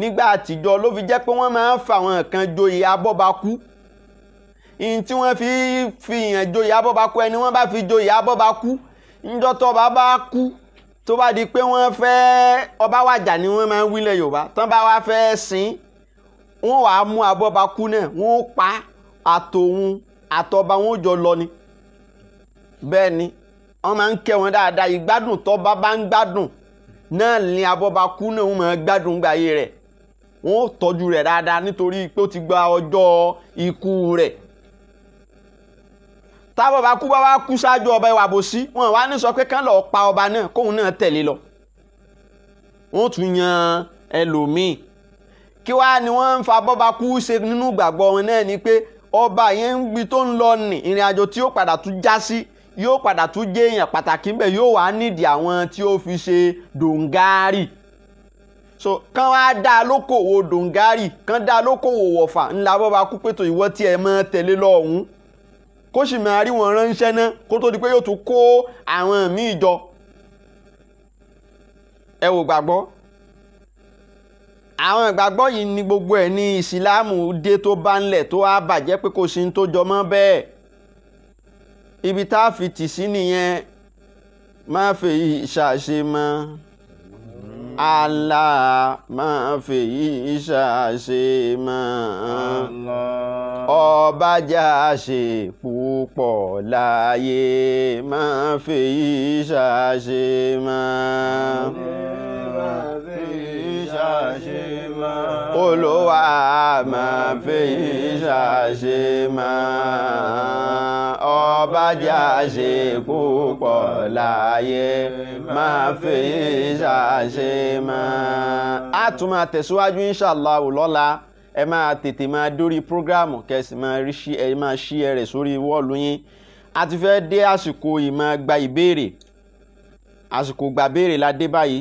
nígbà àtijọ́ ló fi jẹ́ pé wọ́n máa ń fa àwọn nǹkan joyè abọ́bakú ìyìn tí wọ́n fi fi hàn joyè abọ́bakú ẹni wọ́n bá fi joyè abọ́bakú níjọ́ tó ọba bá kú tó bá di pé wọ́n fẹ́ ọba wàjà ni wọ́n máa ń wílẹ̀ yorùbá tán bá wá fẹ́ sìn wọ́n wàá mú abọ́bakú náà wọ́n pa àtòun àtọba wọn ò jọ lọ ni bẹ́ẹ̀ ni wọ́n máa ń kẹ́ wọn dáadáa ìgbádùn tọ́ba bá ń gbádùn náà ní abọ́bakú náà wọ́n máa gbádùn gbàyè rẹ̀ wọ́n ó tọ́jú rẹ̀ dáadáa nítorí pé ó ti gba ọjọ́ ikú rẹ̀ tábọ̀bakú bá wá kú ṣáájú ọba ìwà àbòsí wọn wá ní sọ pé kán lọ́ọ́ pa ọba náà kóun náà tẹ̀lé lọ wọ́n tún yan ẹlòmíì kí wá ni wọ́n ń fa bọ́bakú ṣe nínú ìgbàgbọ́ wọn náà ni pé ọba yẹn ń gbi tó ń lọ nì ìrìn àjò tí ó padà tún já sí yóò padà tún jẹ́ èèyàn pàtàkì ńbẹ̀ yóò wá nídìí àwọn tí ó fi ṣe dòǹgárì so kán wá dá lókòwò dòǹgárì kán dá lókòwò wọ̀fà ńlá bọ́ba kú pé tó ìwọ́ tí ẹ mọ́ tẹ̀lé lọ́hùn-ún kó sì máa rí wọn ránṣẹ́ ná kó tó di pé yóò tún kó àwọn míì jọ ẹ wò gbàgbọ́ àwọn ìgbàgbọ́ yìí ni gbogbo ẹ̀ ní ìsìláàmù dé tó bá ń lẹ̀ tó á bàjẹ́ pé kò sí ní tó jọ mọ́ bẹ́ẹ̀ ibi tá a fi tì sí nìyẹn má fèyí ṣàṣe mọ́ Allah máa fi yìí ṣàṣe mọ́ ọba jáṣe púpọ̀ láyé máa fi yìí ṣàṣe mọ́ ṣàṣe mọ́. olúwa máa fi ṣàṣe mọ́. ọba jáṣe púpọ̀ láyé máa fi ṣàṣe mọ́. a tún máa tẹ̀síwájú inshallah lọ́la ẹ máa tètè máa dórí prógráàmù kẹsì máa rí sí ẹ máa ṣí ẹ rẹ̀ sórí wọ́ọ̀lù yín a ti fẹ́ dé àsìkò ìmọ̀ gba ìbéèrè àsìkò gbàbéèrè la dé báyìí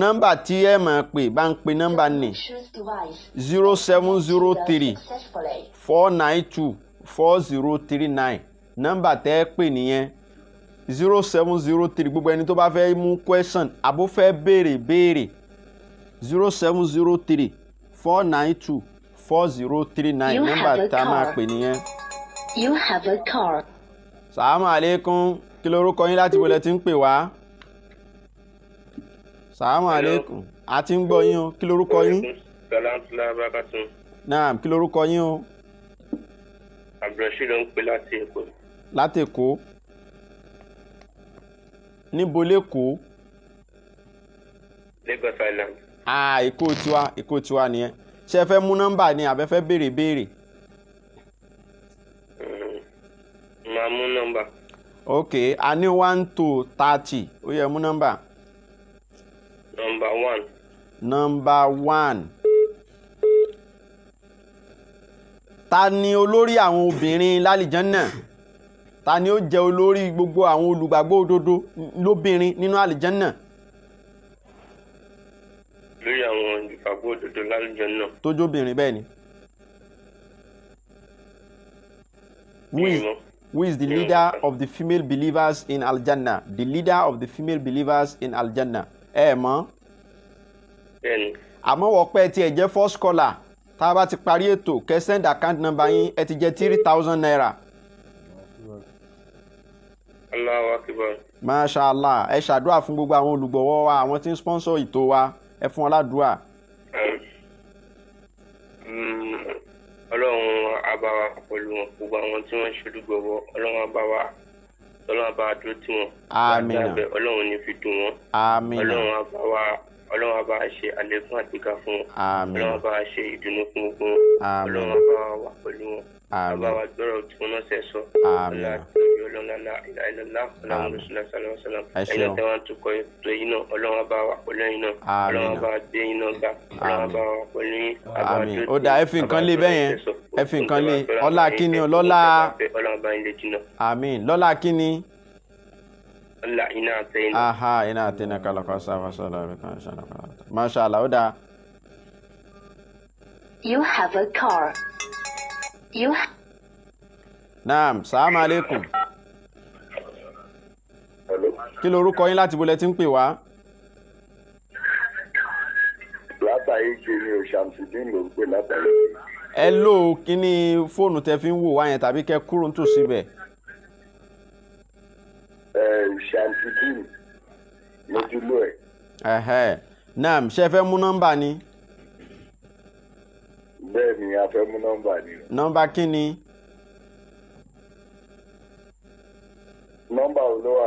nọ́mbà tí ẹ máa pè bá ń pe nọ́mbà nì zero seven zero three four nine two four zero three nine nọ́mbà tẹ́ ẹ pè nìyẹn zero seven zero three gbogbo ẹni tó bá fẹ́ mú question àbó fẹ́ béèrè béèrè zero seven zero three four nine two four zero three nine nọ́mbà tá a máa pè nìyẹn. you have a car. sàmú aleykum kí lorúkọ yín láti wọlé tí ń pè wá salamu aleykum a ti ń gbọ́ yín o kí lorúkọ yín. naam kí lorúkọ yín o. abdulrasheed ló ń pè láti èkó. láti èkó níbo lẹ́kọ̀ọ́. lagos island. aa ah, èkó tiwa èkó tiwa nìyẹn ṣé fẹ́ mú nọ́mbà ni àbẹ́ fẹ́ béèrè béèrè. máa mm, mú nọ́mbà. ok a ní one two thirty ó yẹ mú nọ́mbà. Number one. Number one. Ta ni olórí àwọn obìnrin lálìjánná? Ta ni ó jẹ olórí gbogbo àwọn olùgbàgbọ́ òdodo lóbìnrin nínú àlìjánná? Lórí àwọn olùgbàgbọ́ òdodo lálìjánná. Tójóbìnrin bẹ́ẹ̀ ni. Who is, the leader of the female believers in Aljanna? The leader of the female believers in Aljanna ẹ mọ̀. bẹ́ẹ̀ni. àmọ́ wọ pé tiẹ̀ jẹ́ first caller tá a bá ti parí ètò kẹ́ send account number yín ẹ ti jẹ́ three thousand naira. Allahu Akbar. Masha Allah ẹ ṣàdúrà fún gbogbo àwọn olùgbọ̀wọ́ wa àwọn tí ń sponsor ètò wa ẹ fún aládùúà. ọlọ́run á bá wa pẹ̀lú wọn gbogbo àwọn tí wọ́n ń ṣolúgbọ̀wọ́ ọlọ́run á bá ọlọ́run bá dúró tí wọn. àmín ọlọ́run ní fi dùn wọn. àmín ọlọ́run á bá wa ọlọ́run àbá ṣe àlékún àtìká fún wọn ọlọ́run àbá ṣe ìdùnnú fún gbogbo wọn ọlọ́run àbá wà pẹ̀lú wọn àbá wa gbọ́rọ̀ tí wọ́n náà ṣe sọ ẹ̀yìn tẹ́wọ́n tó kọ ètò yìí náà ọlọ́run àbá wà pẹ̀lú yìí náà ọlọ́run àbá gbé yìí náà gbà ọlọ́run àbá wà pẹ̀lú yìí àbá tó tó ẹ fi nǹkan lé bẹ́ẹ̀ yẹn ẹ fi nǹkan lé ọlá kíni ọlọ́lá àmín lọ́lá kíni aha ina àtẹnà kálọ̀kọ́ sáfà sọ̀rọ̀ rẹ̀ kan ṣàlọ́ kan. mashala ó you have a car. you. naam salaam aleykum. kí lorúkọ yín láti bolẹ̀ tí ń pè wá. látàrí ṣe ni òṣàmùsùdín ló ń pè látàrí. ẹ lóò kí ni fóònù tẹ fi ń wò wá yẹn tàbí kẹ kúrò nítòsí bẹ́ẹ̀ ṣàǹtìkì lójúlú ẹ̀. naam ṣe fẹ́ mú nọ́mbà ni. bẹ́ẹ̀ ni a fẹ́ mú nọ́mbà ni. nọ́mbà kí ni. nọ́mbà wo ló wà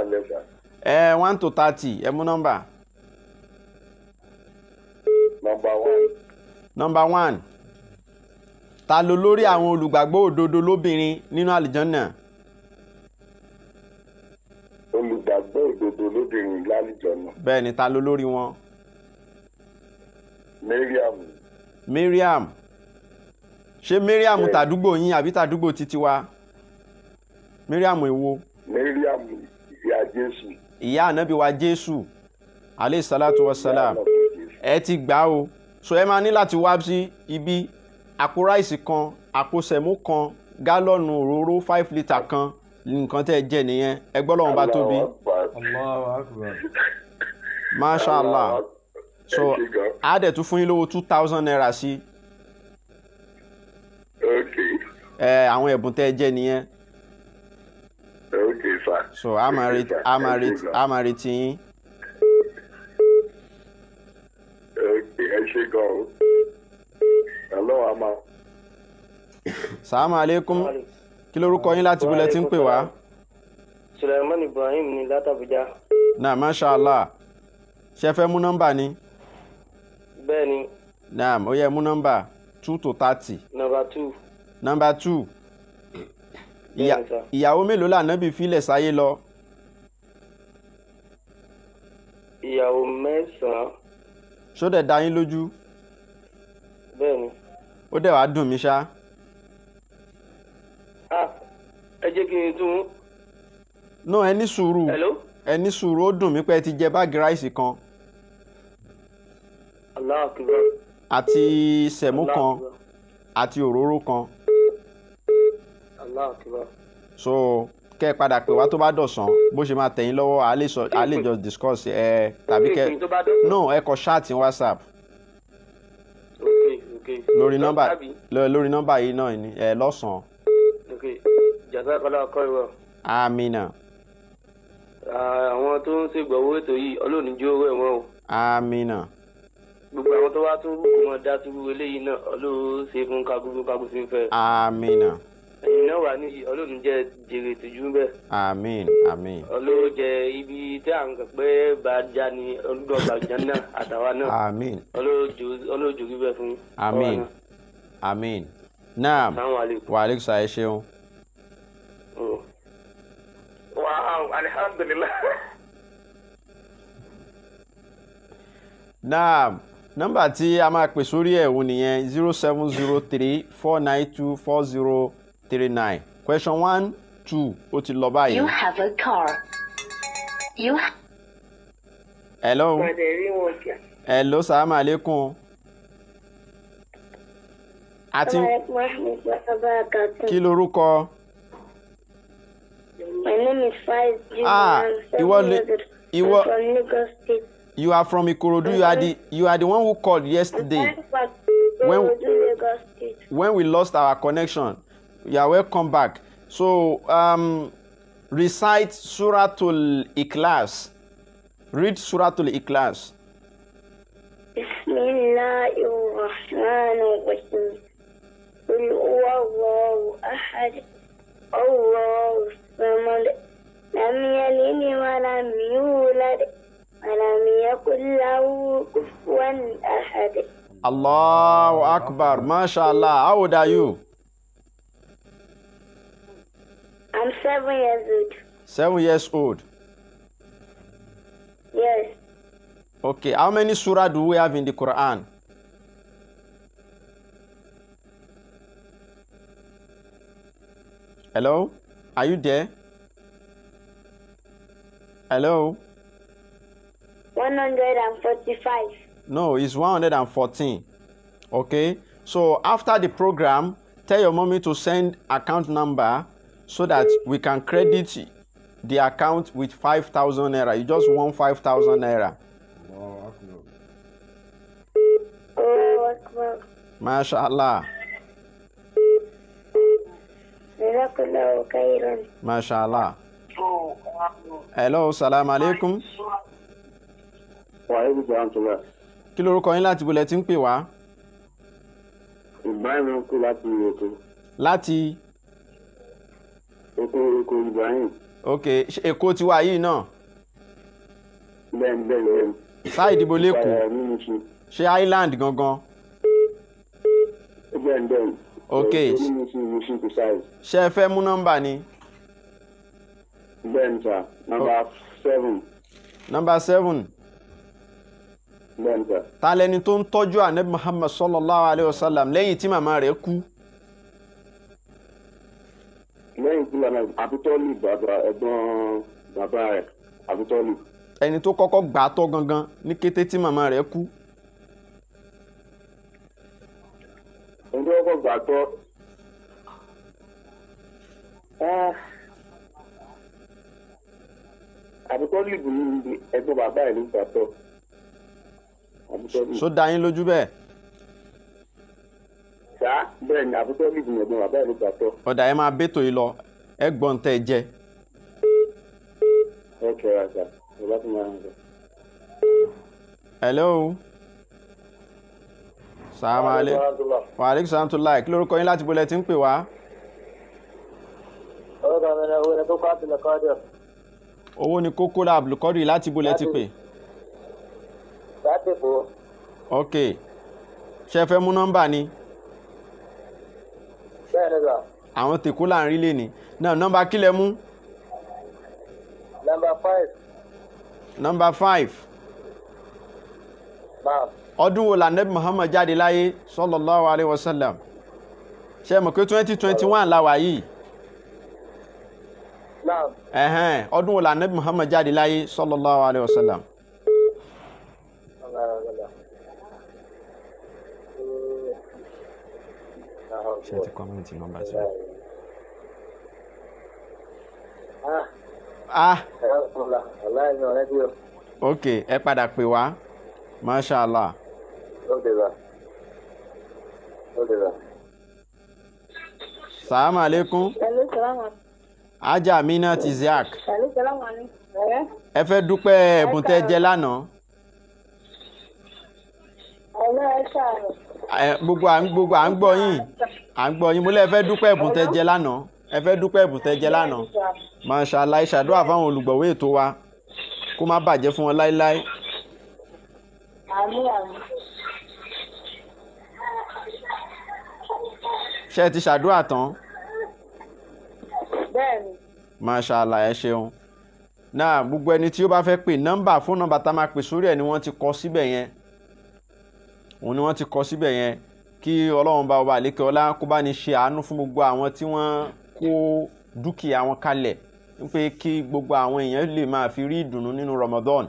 ẹ one to thirty ẹ mú nọ́mbà. nọ́mbà one. nọ́mbà one ta ló lórí àwọn olùgbàgbọ́ òdodo lóbìnrin nínú àlìjọ́nà. No ìgbàgbọ́ òdodo lóbìnrin lálùjọ náà. bẹ́ẹ̀ ni ta ló lórí wọn. Mariam. Mariam ṣé Mariam tàdúgbò yín àbí tàdúgbò títí wa Mariam èwo. Mariam ìyá Jésù. ìyá ànábì wa Jésù aleyhi salatu wa salam ẹ ti gbà o so ẹ máa ní láti wá sí ibi àpò ráìsì kan àpò sẹ̀mú kan gálọ́ọ̀nù òróró five litre kan nǹkan tẹ́ ẹ jẹ́ nìyẹn ẹ gbọ́ lọ́wọ́n bá tóbi. masha so a dẹ̀ tún fún yín lówó two thousand naira sí. ẹ àwọn ẹ̀bùn tẹ́ ẹ jẹ́ nìyẹn. so a máa retí a máa retí yín. ẹ alaikum kí lorúkọ yín láti ibi lẹ ti ń pè wá. Suleiman Ibrahim ni látàbújá. na masha allah ṣe fẹ́ mú nọ́mbà ni. bẹ́ẹ̀ ni. naam ó yẹ mú nọ́mbà two to thirty. nọ́mbà two. Number two. ìyàwó mélòó lànàbì filẹ̀ sáyé lọ. ìyàwó mẹ́sàn-án. ṣó dẹ̀ dá yín lójú. bẹ́ẹ̀ ni. ó dẹ̀ wá dùn mí ṣá. Ah, ẹ jẹ́ kí n tún. náà ẹ ní sùúrù ẹ sùúrù ó dùn mí pé ẹ ti jẹ báàgì ráìsì kan. àti sẹ̀mú kan àti òróró kan. so kẹ́ ẹ padà pè wá tó bá dọ̀sán bó ṣe máa tẹ̀yìn lọ́wọ́ a lè just discuss ẹ tàbí kẹ́ no ẹ kọ ṣáàtì whatsapp lórí nọ́mbà yìí náà ẹ lọ́sàn-án jazakallah khairan. amina. àwọn tó ń ṣègbọ̀wọ́ ètò yìí ọlọ́ọ̀ni jó owó ẹ̀wọ̀n o. amina. gbogbo àwọn tó wá tún kò mọ dá túbú eléyìí náà ọlọ́ọ̀ ṣe fún kagbogbo kagbogbo sí fẹ́. amina. ẹ̀yin náà wà ní ọlọ́ọ̀ni jẹ́ jèrè tìjú bẹ́ẹ̀. amin amin. ọlọ́ọ̀ jẹ ibi tí à ń pẹ́ bá já ni olùdọ̀gba jẹ́nà àtàwa náà. amin. ọlọ́ọ̀ jòrí bẹ́ẹ̀ fún. amin amin. naam wa aleykum salaam ẹ ṣeun. Oh. Wow, alhamdulillah. Naam, nọ́mbà tí a máa pè sórí ẹ̀ wò nìyẹn zero seven zero three four nine two four zero three nine question one two ó ti lọ báyìí. You have a car. You. Hello. Hello, salaam aleykum. Àti. Kí lorúkọ? My name is Faiz Ah, you were you are from Lagos State. You are from Ikorodu. You are the you are the one who called yesterday. When, when we lost our connection. You are welcome back. So um, recite Suratul Ikhlas. Read Suratul Ikhlas. Bismillahirrahmanirrahim. Qul huwallahu ahad. Allahu صمد لم يلد ولم how are you I'm seven years old seven years old yes okay how many surah do we have in the Quran hello Are you there? Hello? 145. No, it's 114. Okay? So after the program, tell your mommy to send account number so that we can credit the account with 5,000 naira. You just want 5,000 naira. Oh, wow, oh, Mashallah. jazakallahu khairan. masha oh, hello salaam aleykum. wàhálà ibi jọ̀wọ́n tó lọ. kí lorúkọ yín láti bulẹ̀ tí ń pè wá. ibrahim kú láti èkó. láti. èkó èkó ibrahim. ok èkó tiwa yìí náà. bẹ́ẹ̀ni bẹ́ẹ̀ni bẹ́ẹ̀ni. sáà ìdìbò lẹ́kọ̀ọ́ ṣe island gangan. bẹ́ẹ̀ni bẹ́ẹ̀ni ok ṣe ẹ fẹ́ mú nọ́mbà ni. bẹ́ẹ̀ni sà nọ́mbà seven. nọ́mbà seven. bẹ́ẹ̀ni sà. ta lẹni tó ń tọ́jú anabi muhammad sallallahu alayhi wa sallam lẹ́yìn tí màmá rẹ̀ kú. lẹ́yìn tí màmá abutọ́lì bàbá ẹ̀gbọ́n bàbá rẹ̀ abutọ́lì. ẹni tó kọ́kọ́ gbà gangan ní kété tí màmá rẹ̀ kú. ẹni tó kọ́kọ́ gbàgbọ́ àbúkọ́ lìbù ní ẹgbẹ́ bàbá ẹ̀ ló gbàgbọ́ so da yín lójú bẹ́ẹ̀. ṣá bẹ́ẹ̀ ni àbúkọ́ lìbù ní ẹgbẹ́ bàbá ẹ̀ ló gbàgbọ́. ọ̀dà ẹ máa bẹ́tò yìí lọ ẹ gbọ́n tẹ́ ẹ jẹ. ẹ kẹ́ra ṣá ìbá tó máa ń sọ. hello salamu aleykum wa aleykum salaam tó láì kí lórúkọ yín láti bolẹ̀ tí ń pè wá. ọ̀rọ̀ mi ni owó ni kókó abdulkadir. owó ni kókó abdulkadir láti bolẹ̀ ti pè. láti bò. ok ṣe fẹ́ mú nọ́mbà ni. bẹ́ẹ̀ ni sà. àwọn tèkó là ń rí lè ní náà nọ́mbà kílẹ̀ mú. nọ́mbà five. nọ́mbà five. Bam ọdún wo la nabi muhammad jáde láyé sallallahu alayhi wa sallam ṣe mọ̀ pé twenty twenty one la wà yìí ọdún wo la nabi muhammad jáde láyé sallallahu alayhi wa sallam. ṣe ti kọ́mẹ́ntì nọ́mbà sí. ah. ah. ok ẹ padà pè wá masha allah. Okay, sir. Okay, sir. Salaam alaikum. Hello, salaam alaikum. Ajá Amina ti Ziak. Hello, salaam alaikum. Ẹ fẹ́ dúpẹ́ ẹ̀bùn tẹ́ jẹ lánàá. Ẹ̀lọ́ ẹ ṣàrò. Gbogbo à ń gbogbo à ń gbọ́ yín. À ń gbọ́ yín. Mo lé ẹ fẹ́ dúpẹ́ ẹ̀bùn tẹ́ jẹ lánàá. Ẹ fẹ́ dúpẹ́ ẹ̀bùn tẹ́ jẹ lánàá. Màṣàlá ìṣàdúrà fáwọn olùgbọ̀wé ètò wa. Kó má bàjẹ́ fún wọn láíláí. Àmín àmín. ṣé ẹ ti ṣàdúrà tán. bẹ́ẹ̀ni. mashallah ẹ ṣeun náà gbogbo ẹni tí ó bá fẹ́ pè nọ́mbà fún nọ́mbà tá a máa pè sórí ẹ̀ ni wọ́n ti kọ síbẹ̀ yẹn òun ni wọ́n ti kọ síbẹ̀ yẹn kí ọlọ́run bá ọba àlékè ọlá kó bá ní ṣe àánú fún gbogbo àwọn tí wọ́n kó dúkìá wọn kalẹ̀ wípé kí gbogbo àwọn èèyàn lè máa fi rí ìdùnnú nínú Ramadan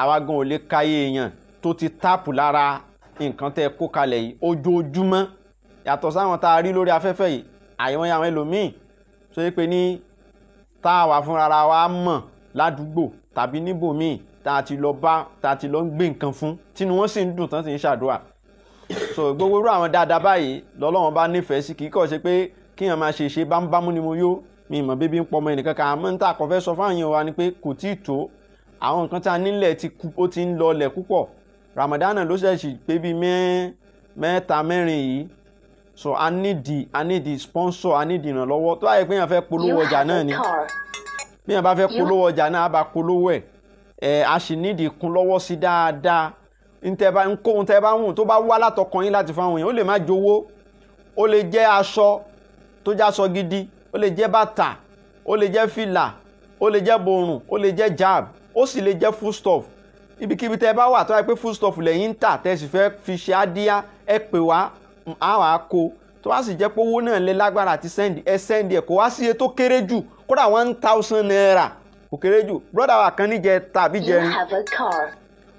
àwa gan ò lè káyé èèyàn tó ti táàpù lára nǹkan tẹ́ kó kalẹ̀ yìí ojoojúmọ́ yàtọ̀ sáwọn tá a rí lórí afẹ́fẹ́ yìí àyẹ̀wọ̀n àwọn ẹlòmíì tó yẹ pé ní tá a wà fúnra wa mọ̀ ládùúgbò tàbí níbòmíì tá a ti lọ bá tá a ti lọ ń gbé nǹkan fún tínú wọn sì ń dùn tán sì ń ṣàdúrà so gbogbo irú àwọn dáadáa báyìí lọ́lọ́wọ́n bá nífẹ̀ẹ́ sí kì í kọ̀ ṣe pé kíyàn máa ṣe ṣe bámúbámú ni mo yó mi ìmọ̀ bíbí ń pọ̀ ọmọ ẹnìkan kan àmọ́ níta àkọ́fẹ́ sọ fáwọn èèyàn wa ni pé kò tí ì tó àwọn nǹkan tá a nílẹ̀ ti kú ó ti ń lọlẹ̀ púpọ̀ ramadana ló ṣẹ̀ṣì pé bíi mẹ́ta mẹ́rin yìí so a need the a need the sponsor a need ìrànlọ́wọ́ tó báyìí pé èèyàn fẹ́ polówó ọjà náà ni bí èèyàn bá fẹ́ polówó ọjà náà a bá polówó ẹ̀ ẹ̀ a sì need ìkúnlọ́wọ́ sí dáadáa ntẹ́ bá ń kó tó bá wá látọkàn yín láti fáwọn èèyàn ó lè má jowó ó lè jẹ́ aṣọ tó jẹ́ aṣọ gidi ó lè jẹ́ bàtà ó lè jẹ́ fìlà ó lè jẹ́ borùn ó lè jẹ́ jab ó sì lè jẹ́ foodstuff ibikíbi tẹ́ bá wà tó yẹ pé foodstuff lẹ́yìn ń tà tẹ́ sì fẹ́ fi ṣe á ẹ pè wá á wàá kó tó wá sì jẹ́ pé owó náà lè lágbára àti sẹ́ndì ẹ sẹ́ndì ẹ̀ kó wá sí iye tó kéré jù kódà one thousand naira kò kéré jù brọ́dà wa kan níjẹ tàbí jẹrin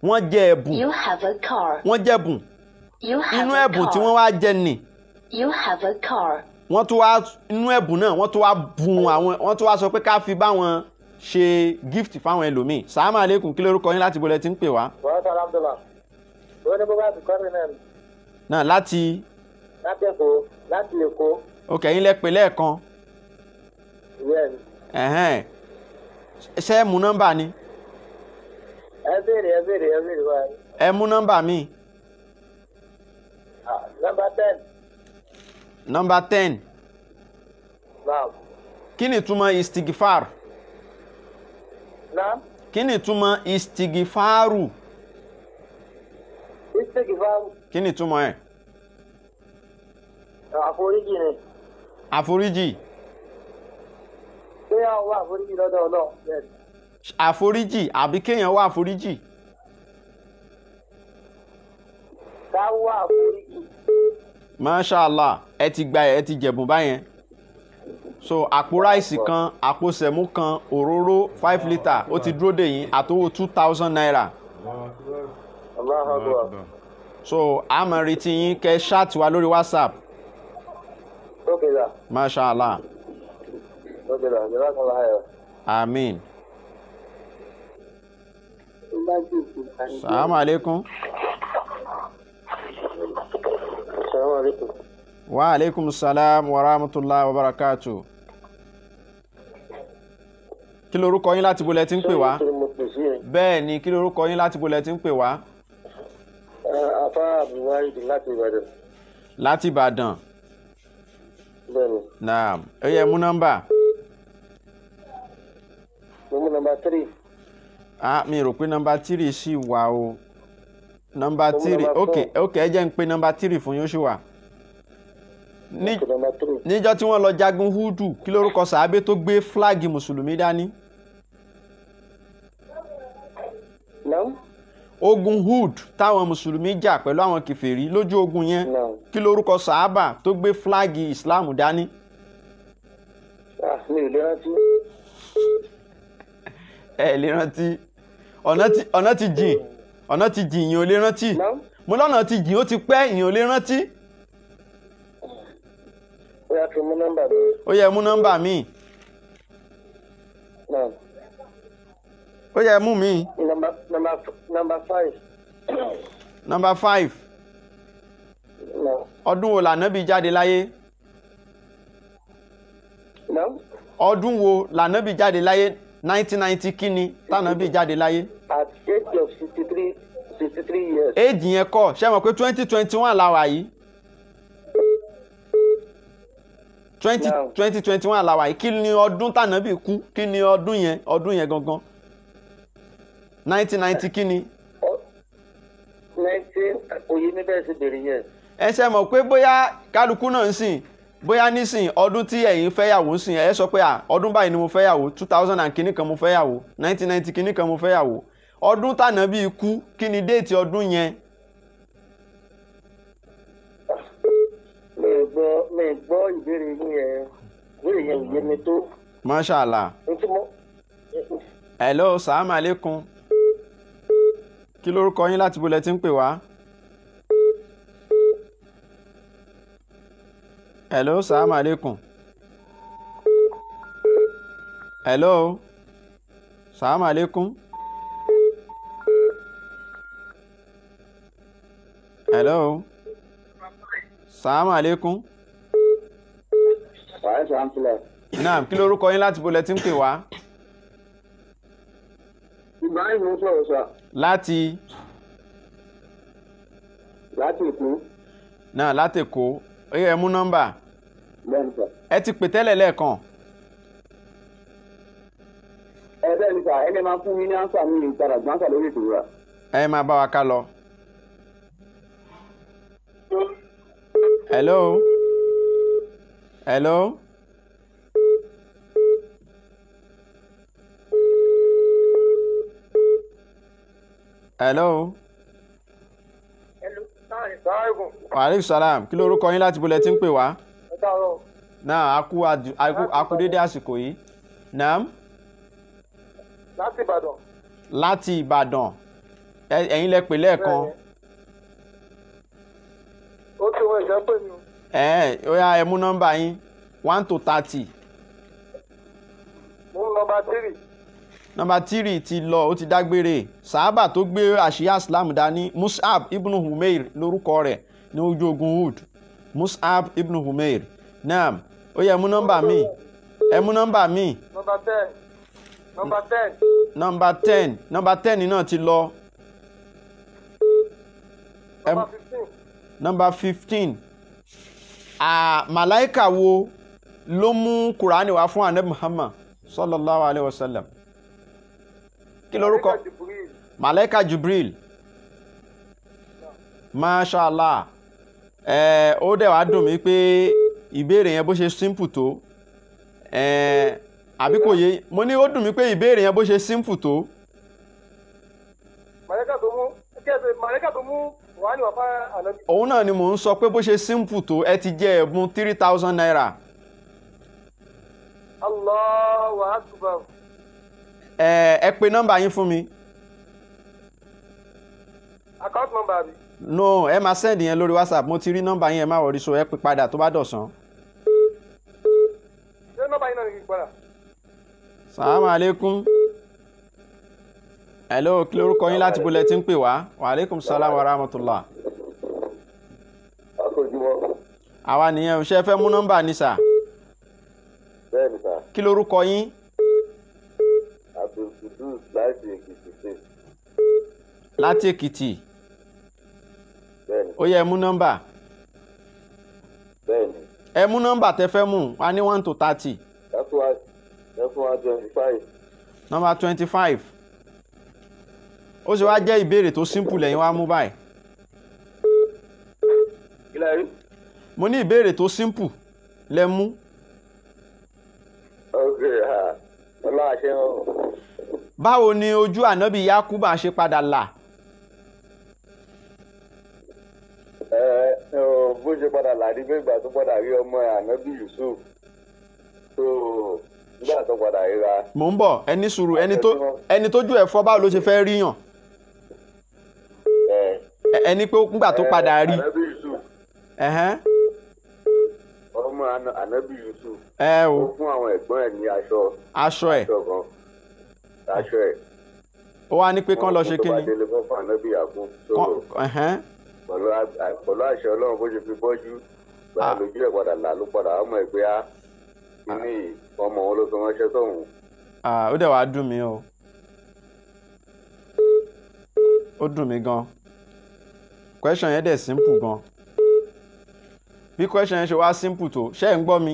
wọ́n jẹ ẹ̀bùn wọ́n jẹ ẹ̀bùn inú ẹ̀bùn tí wọ́n wá jẹ nì wọ́n tún wá inú ẹ̀bùn náà wọ́n tún wá bùn àwọn wọ́n tún wá sọ pé ká fi báwọn ṣe gift fáwọn ẹlòmíì sàmà aleykum kí lórúkọ yín láti bolẹ̀ tí ń pè wá. wọ́n sọ alhamdulilah wọ́n ní bó ti kọ́ mi náà. náà láti lábẹ́kọ̀ láti lè kó. ok yín lẹ pè lẹ́ẹ̀kan. ẹ̀hẹ́n ṣé ẹ mú nọ́mbà ni. ẹ béèrè ẹ béèrè ẹ béèrè wa. ẹ mú nọ́mbà mi. nọ́mbà ten. nọ́mbà ten. naam. kí ni túmọ̀ istigifar. naam. kí ni túmọ̀ istigifaru. istigifaru. kí ni túmọ̀ ẹ̀. E? àforíjì ni. àforíjì. kéèyàn wá àforíjì lọ́dọ̀ ọlọ́run bẹ́ẹ̀ ni. àforíjì àbí kéèyàn wá àforíjì. ká wá àforíjì. mashallah ẹ ti gba ẹ ti jẹ̀bùn báyẹn so àpò ráìsì kan àpò sẹ̀mú kan òróró five litre ó ti dúró dè yín àtọwọ́ two thousand naira. so a máa retí yín kẹ́ ṣáàtì wa lórí whatsapp Okay, sir. Masha Allah. Okay, sir. Jazakallah khair. Amin. Salaam alaikum. Salaam alaikum. Wa alaikum salam wa rahmatullahi wa barakatuh. Kí lorúkọ yín láti bolẹ̀ tí ń pè wá? Bẹ́ẹ̀ ni kí lorúkọ yín láti bolẹ̀ tí ń pè wá? Afá Abdulwahid láti Ìbàdàn. Láti Ìbàdàn naam ẹ yẹ mú nọ́mbà. mo mú nọ́mbà three. ah mi rò pé nọ́mbà three ṣì wà o nọ́mbà three ok ok ẹ jẹ́ ń pe nọ́mbà three fún o ó ṣì wà níjọ́ tí wọ́n lọ jagun Húdù kí lórúkọ sàábé tó gbé fúláàgì mùsùlùmí dání. naam ogun Hud táwọn mùsùlùmí jà pẹ̀lú àwọn kèfèrí lójú ogun yẹn kí lorúkọ sàábà tó gbé flagi Islam dání. Ah, mi ò lè rántí. ẹ lè rántí ọ̀nà ti jìn ọ̀nà ti jìn ìyẹn ò lè rántí mo lọ́nà ti jìn ó ti pẹ́ ìyẹn ò lè rántí. ó yẹ kí n mú nọ́mbà mi. ó yẹ mú nọ́mbà mi ó yẹ mú mi. number number five. number five. ọdún wo lànàbí jáde láyé. ọdún wo lànàbí jáde láyé nineteen ninety kíni tànàbí jáde láyé. at age of sixty three sixty three years. éèjì yẹn kọ́ ṣé mọ̀ pé twenty twenty one la wà yìí. twenty twenty twenty one la wà yìí kí ni ọdún tànàbí kú kí ni ọdún yẹn ọdún yẹn gangan nineteen ninety eh, kí ni. nineteen òye mi bẹ́ẹ̀ sì bèrè yẹn. ẹ ṣe mọ̀ pé bóyá kálukú náà ń sìn bóyá nísìn ọdún tí ẹ̀yin fẹ́yàwó sìn ẹ sọ pé ọdún báyìí ni mo fẹ́yàwó two thousand and kìíní kan mo fẹ́yàwó nineteen ninety kìíní kan mo fẹ́yàwó ọdún tànà bíi ikú kí ni déètì ọdún yẹn. mi gbọ́ mi gbọ́ ìbéèrè yín yẹn ìbéèrè yẹn ò yé mi tó. masha hello salaam aleykum kí lórúkọ yín láti bolẹ̀ tí ń pè wá. hello salaam aleykum. hello salaam aleykum. hello salaam aleykum. naam kí lórúkọ yín láti bolẹ̀ tí ń pè wá ibrahim ń sọ̀rọ̀ sà. láti. láti èkó. náà láti èkó ẹ mú nọ́mbà. bẹ́ẹ̀ni sà. ẹ ti pè tẹ́lẹ̀ lẹ́ẹ̀kan. ẹ bẹ́ẹ̀ni sà ẹni máa fún mi ní ánsà mi ìtara gbọ́nsà lórí ìtura. ẹ máa bá wa ká lọ. hello. hello. hello. waaleykum salaam kí lorúkọ yín láti bolẹ̀ tí ń pè wá. náà a kú dédé àsìkò yìí naam. láti ìbàdàn. láti ìbàdàn ẹ̀yin lẹ pè lẹ́ẹ̀kan. ó ti wọ ìjà pè mí. ẹ ẹ ó yá ẹ mú nọ́mbà yín one to thirty. mú nọ́mbà three nọmba tírì ti lọ ó ti dágbére sàábà tó gbé àsíá islam dání mus'ab ibn humair lórúkọ rẹ̀ ní ojú ogun hood mus'ab ibn humair naam ó yẹ mú nọmba mi ẹ nọmba mi. nọmba ten nọmba ten. nọmba ten nọmba ten náà ti lọ. nọmba fifteen. nọmba fifteen. Ah, màláìkà wo ló mú kùránì wá fún ànábì Muhammad sallallahu alayhi wa sallam kí lorúkọ malaika Jibril mashallah ẹ ó dẹ̀ wá dùn mí pé ìbéèrè yẹn bó ṣe simple tó ẹ àbí kò yé mo ní ó dùn mí pé ìbéèrè yẹn bó ṣe simple tó. malaika tó mú malaika tó mú wàhálì wà fún àlọ́bí. òun náà ni mò ń sọ pé bó ṣe simple tó ẹ ti jẹ ẹ̀bùn three thousand naira. Allah wa akbar ẹ pe nọ́mbà yín fún mi. account number mi. no ẹ máa send yẹn lórí whatsapp mo ti rí nọ́mbà yín ẹ má wọrí so ẹ pè padà tó bá dọ̀sán. ṣé nọ́mbà yín náà ní kí n padà. salamu hello kí lorúkọ yín láti bolẹ̀ tí ń pè wá wa aleykum salaam wa rahmatulah. akójúmọ́. àwa nìyẹn o ṣe fẹ́ mú nọ́mbà ni sà. bẹ́ẹ̀ ni sà. kí lorúkọ yín. láti èkìtì ó yẹ mú nọ́mbà ẹ mú nọ́mbà tẹ fẹ́ mú wa ní one to thirty. ẹ fún wa twenty five. nọ́mbà twenty five ó sì wá jẹ́ ìbéèrè tó simple lẹ́yìn wá mú báyìí. mo ní ìbéèrè tó simple lẹ mú. Ah, báwo ni ojú ànábì yakuba ṣe padà là. bó ṣe padà làdí pé ìgbà tó padà rí ọmọ ànábì Yusuf tó nígbà tó padà ríra. mò ń bọ̀ ẹni sùúrù ẹni tójú ẹ̀ fọ́ báwo ló ṣe fẹ́ ríyàn ẹni pé nígbà tó padà rí. ànábì Yusuf ọmọ ànábì Yusuf ó fún àwọn ẹ̀gbọ́n ẹ̀ ní aṣọ aṣọ ẹ̀ aṣọ ẹ̀ ó wá ní pé kán lọ ṣe kí ni. wọ́n tó bá délé fún fún ànábì Yakub pẹ̀lú àṣẹ ọlọ́run bó ṣe fi bọ́jú gbà ah. lójú ẹ̀ padà là ló padà ọmọ ẹgbẹ́ á ah, kíní ọmọ wọn ló fi ránṣẹ́ sọ̀hún. Ah, ó dẹ̀ wá dùn mí o ó dùn mí gan question yẹn dẹ̀ simple gan bí question yẹn ṣe wá simple tó ṣé ẹ̀ ń gbọ́ mi.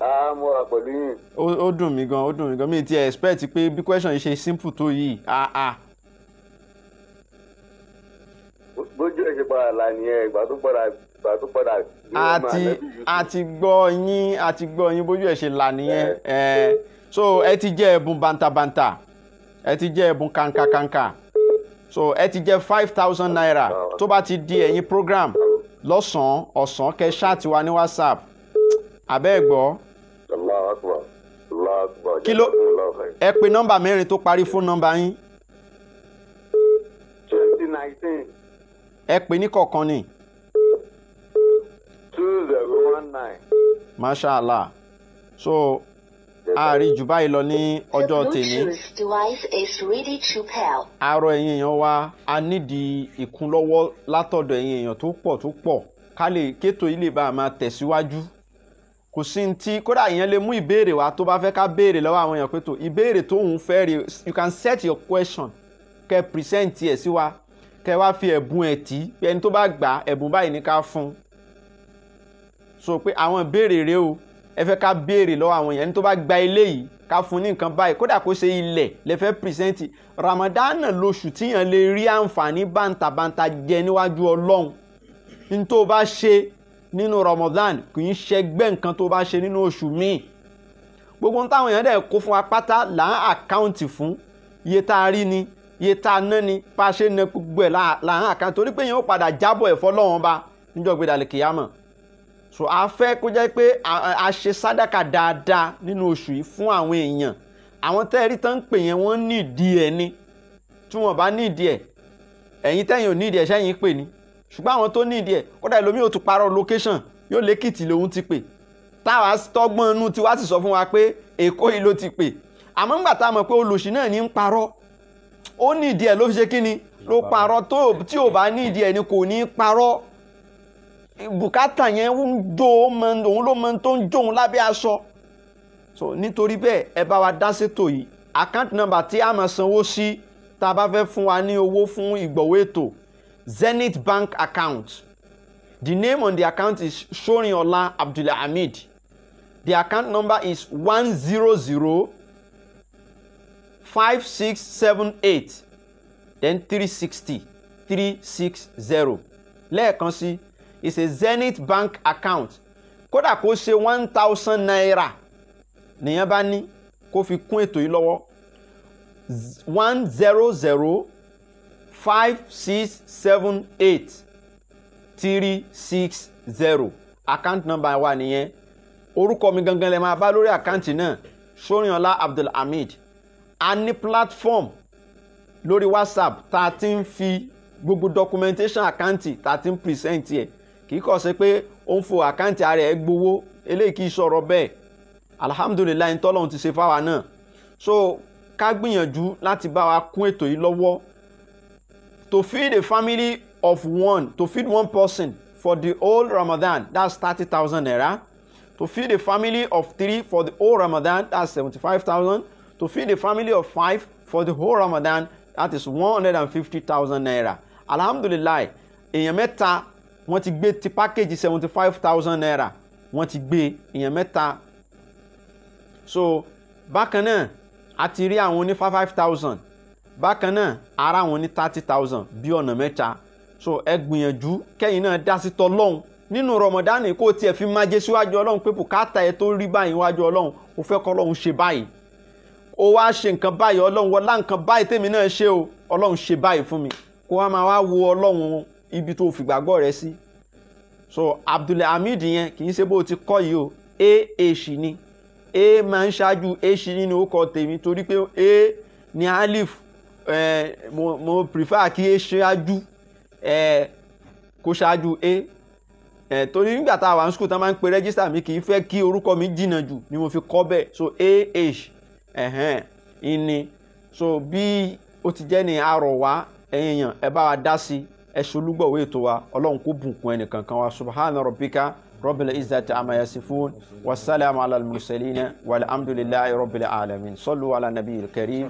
a mo rà pẹ̀lú yín. ó dùn mí gan ó dùn mí gan mi ti expect pé bí question yìí ṣe simple tó yìí ah ah. gbọ́ra là nìyẹn ìgbà tó gbọ́ra ìgbà tó gbọ́ra. àti àti gbọ́ yín àti gbọ́ yín bójú ẹ̀ ṣe là nìyẹn so ẹ ti jẹ́ ẹ̀bùn bàǹtàbàǹtà ẹ ti jẹ́ ẹ̀bùn kàǹkàkàǹkà so ẹ ti jẹ́ five thousand naira tó bá ti di ẹ̀yìn program lọ́sàn-án ọ̀sán kẹ́ ṣáàtì wa ní whatsapp abẹ́ ẹ̀ gbọ́. kí ló ẹ pe nọ́mbà mẹ́rin tó parí fún nọ́mbà yín. twenty nineteen ẹ pè ní kọ̀ọ̀kan ni. two zero one nine. mashallah so àárí jù báyìí lọ ní ọjọ́ tèmi. àárọ̀ ẹ̀yin èèyàn wa a nídìí ìkúnlọ́wọ́ látọ̀dọ̀ ẹ̀yin èèyàn tó pọ̀ tó pọ̀ ká lè kétò yìí lè bá a máa tẹ̀síwájú kò sí ti kódà èèyàn lè mú ìbéèrè wá tó bá fẹ́ ká béèrè lọ́wọ́ àwọn èèyàn pé tó ìbéèrè tó ń fẹ́ rè you can set your question kẹ́ present ẹ̀ sí wa kẹ wá fi ẹ̀bùn ẹ̀ tí ẹni tó bá gbà ẹ̀bùn báyìí ní ká fún un so pé àwọn ìbéèrè rẹ o ẹ fẹ́ ká béèrè lọ́wọ́ àwọn èèyàn ẹni tó bá gba eléyìí ká fún ní nǹkan báyìí kódà kó ṣe ilẹ̀ lè fẹ́ pìrìsẹ́ǹtì lóṣù tíyàn lè rí àǹfààní bàǹtàbàǹtà jẹ níwájú ọlọ́run ní tó bá ṣe nínú ramadan kì í ṣẹgbẹ́ nǹkan tó bá ṣe nínú oṣù míì gbogbo táwọn èèyàn dẹ̀ kó fún wa là ń àkáǹtì fún iye tá a rí ni iye tá a ná ni bá a ṣe ná gbogbo ẹ̀ láàárín àkáǹtì torí pé yẹn ó padà jábọ̀ ẹ̀fọ́ lọ́wọ́n ba níjọ́ gbé dalẹ̀ kìyàmọ̀ so a fẹ́ kó jẹ́ pé a ṣe sádàkà dáadáa nínú oṣù yìí fún àwọn èèyàn àwọn tẹ́ẹ̀rí tán ń pè yẹn wọ́n nídìí ẹ̀ ni tí wọ́n bá nídìí ẹ̀ ẹ̀yin tẹ́yìn ò nídìí ẹ̀ sẹ́yìn pè ní ṣùgbọ́n àwọn tó nídìí ẹ̀ ó dà lómi ò tún parọ́ location yóò lẹ́kìtì lòun ti pè táwa tọ́gbọ́n inú tiwa sì sọ fún wa pé èkó yìí ló ti pè àmọ́ ńgbà tá a mọ̀ pé olùsí náà ní ń parọ́ ó ní ìdí ẹ̀ ló fi ṣe kí ni ló parọ́ tó tí ò bá ní ìdí ẹ̀ ni kò ní parọ́ bùkátà yẹn ń do òun ló mọ tó ń jóun lábẹ́ aṣọ so nítorí bẹ́ẹ̀ ẹ bá wa dá sétò yìí àkáǹtì nọ́mbà tí a máa sanwó sí tá a bá fẹ́ fún wa ní owó fún ìgbọ̀wé ètò Zenith Bank account the name on the account is Sorinola Abdulhamid the account number is one zero zero five six seven eight then three sixty three six zero lẹ́ẹ̀kan sí is a Zenith Bank account kódà kó ṣe one thousand naira nìyẹn bá ní kó fi kún ètò yìí lọ́wọ́ one zero zero five six seven eight three six zero account number wa nìyẹn orúkọ mi gangan lè máa bá lórí àkáǹtì náà Ṣóyínọlá Abdulhamid a ní platform lórí whatsapp tá a ti ń fi gbogbo documentation àkáǹtì tá a ti ń present yẹ kì í kọ̀ ṣe pé ó ń fo àkáǹtì ara ẹ̀ gbowó eléyìí kì í sọ̀rọ̀ bẹ́ẹ̀ alihamudulilayi tọ́lọ́hún ti ṣe fáwa náà so ká gbìyànjú láti bá wa kún ètò yìí lọ́wọ́ to feed a family of one to feed one person for the whole Ramadan that's thirty thousand naira to feed a family of three for the whole Ramadan that's seventy-five thousand to feed a family of five for the whole Ramadan that is one hundred and fifty thousand naira alhamdulilayi èèyàn mẹ́ta wọ́n ti gbé ti package seventy five thousand naira wọ́n ti gbé èèyàn mẹ́ta so bákan náà a ti rí àwọn oní five thousand bákan náà ara àwọn oní thirty thousand bí ọ̀nà mẹ́ta so ẹ gbìyànjú kẹ́yìn náà dá sí tọ́lọ́hún nínú Ramadan kó tiẹ̀ fi máa jẹ́ síwájú Ọlọ́run pé bùkátà ẹ tó rí báyìí wájú Ọlọ́run ó fẹ́ kọ́ Ọlọ́run ṣe báyìí O wá ṣe nǹkan báyìí ọlọ́run wọlá nǹkan báyìí tèmi náà ṣe o ọlọ́run ṣe báyìí fún mi kó wá máa wá wo ọlọ́run ibi tó fi gbàgbọ́ rẹ sí so Abdulhamid yẹn kì í ṣe bó ti kọ́ yìí o ah ni a máa ń ṣáájú ah nínú orúkọ tèmi torí pé a ní alif eh, mo, mo prefer kí a ṣáájú eh, kó ṣáájú a ẹ torí nígbà tá a wà ní skul tá a máa ń pe rẹ́gísítà mi kì í fẹ́ kí orúkọ mi jìnnà jù ni mo fi kọ́ bẹ́ẹ̀ so ah ẹ̀hẹ́n ìní so bí ó ti jẹ́ ní arọ̀ wá ẹ̀yin èèyàn ẹ bá wa dá sí ẹ ṣolúgbọ̀wé ètò wa ọlọ́run kó bùnkún ẹnì kankan wa subhana rabbika rabbil izzati amma yasifun wasalaamu ala al-mursalina walhamdulillahi rabbil alamin sallu ala nabiyil karim.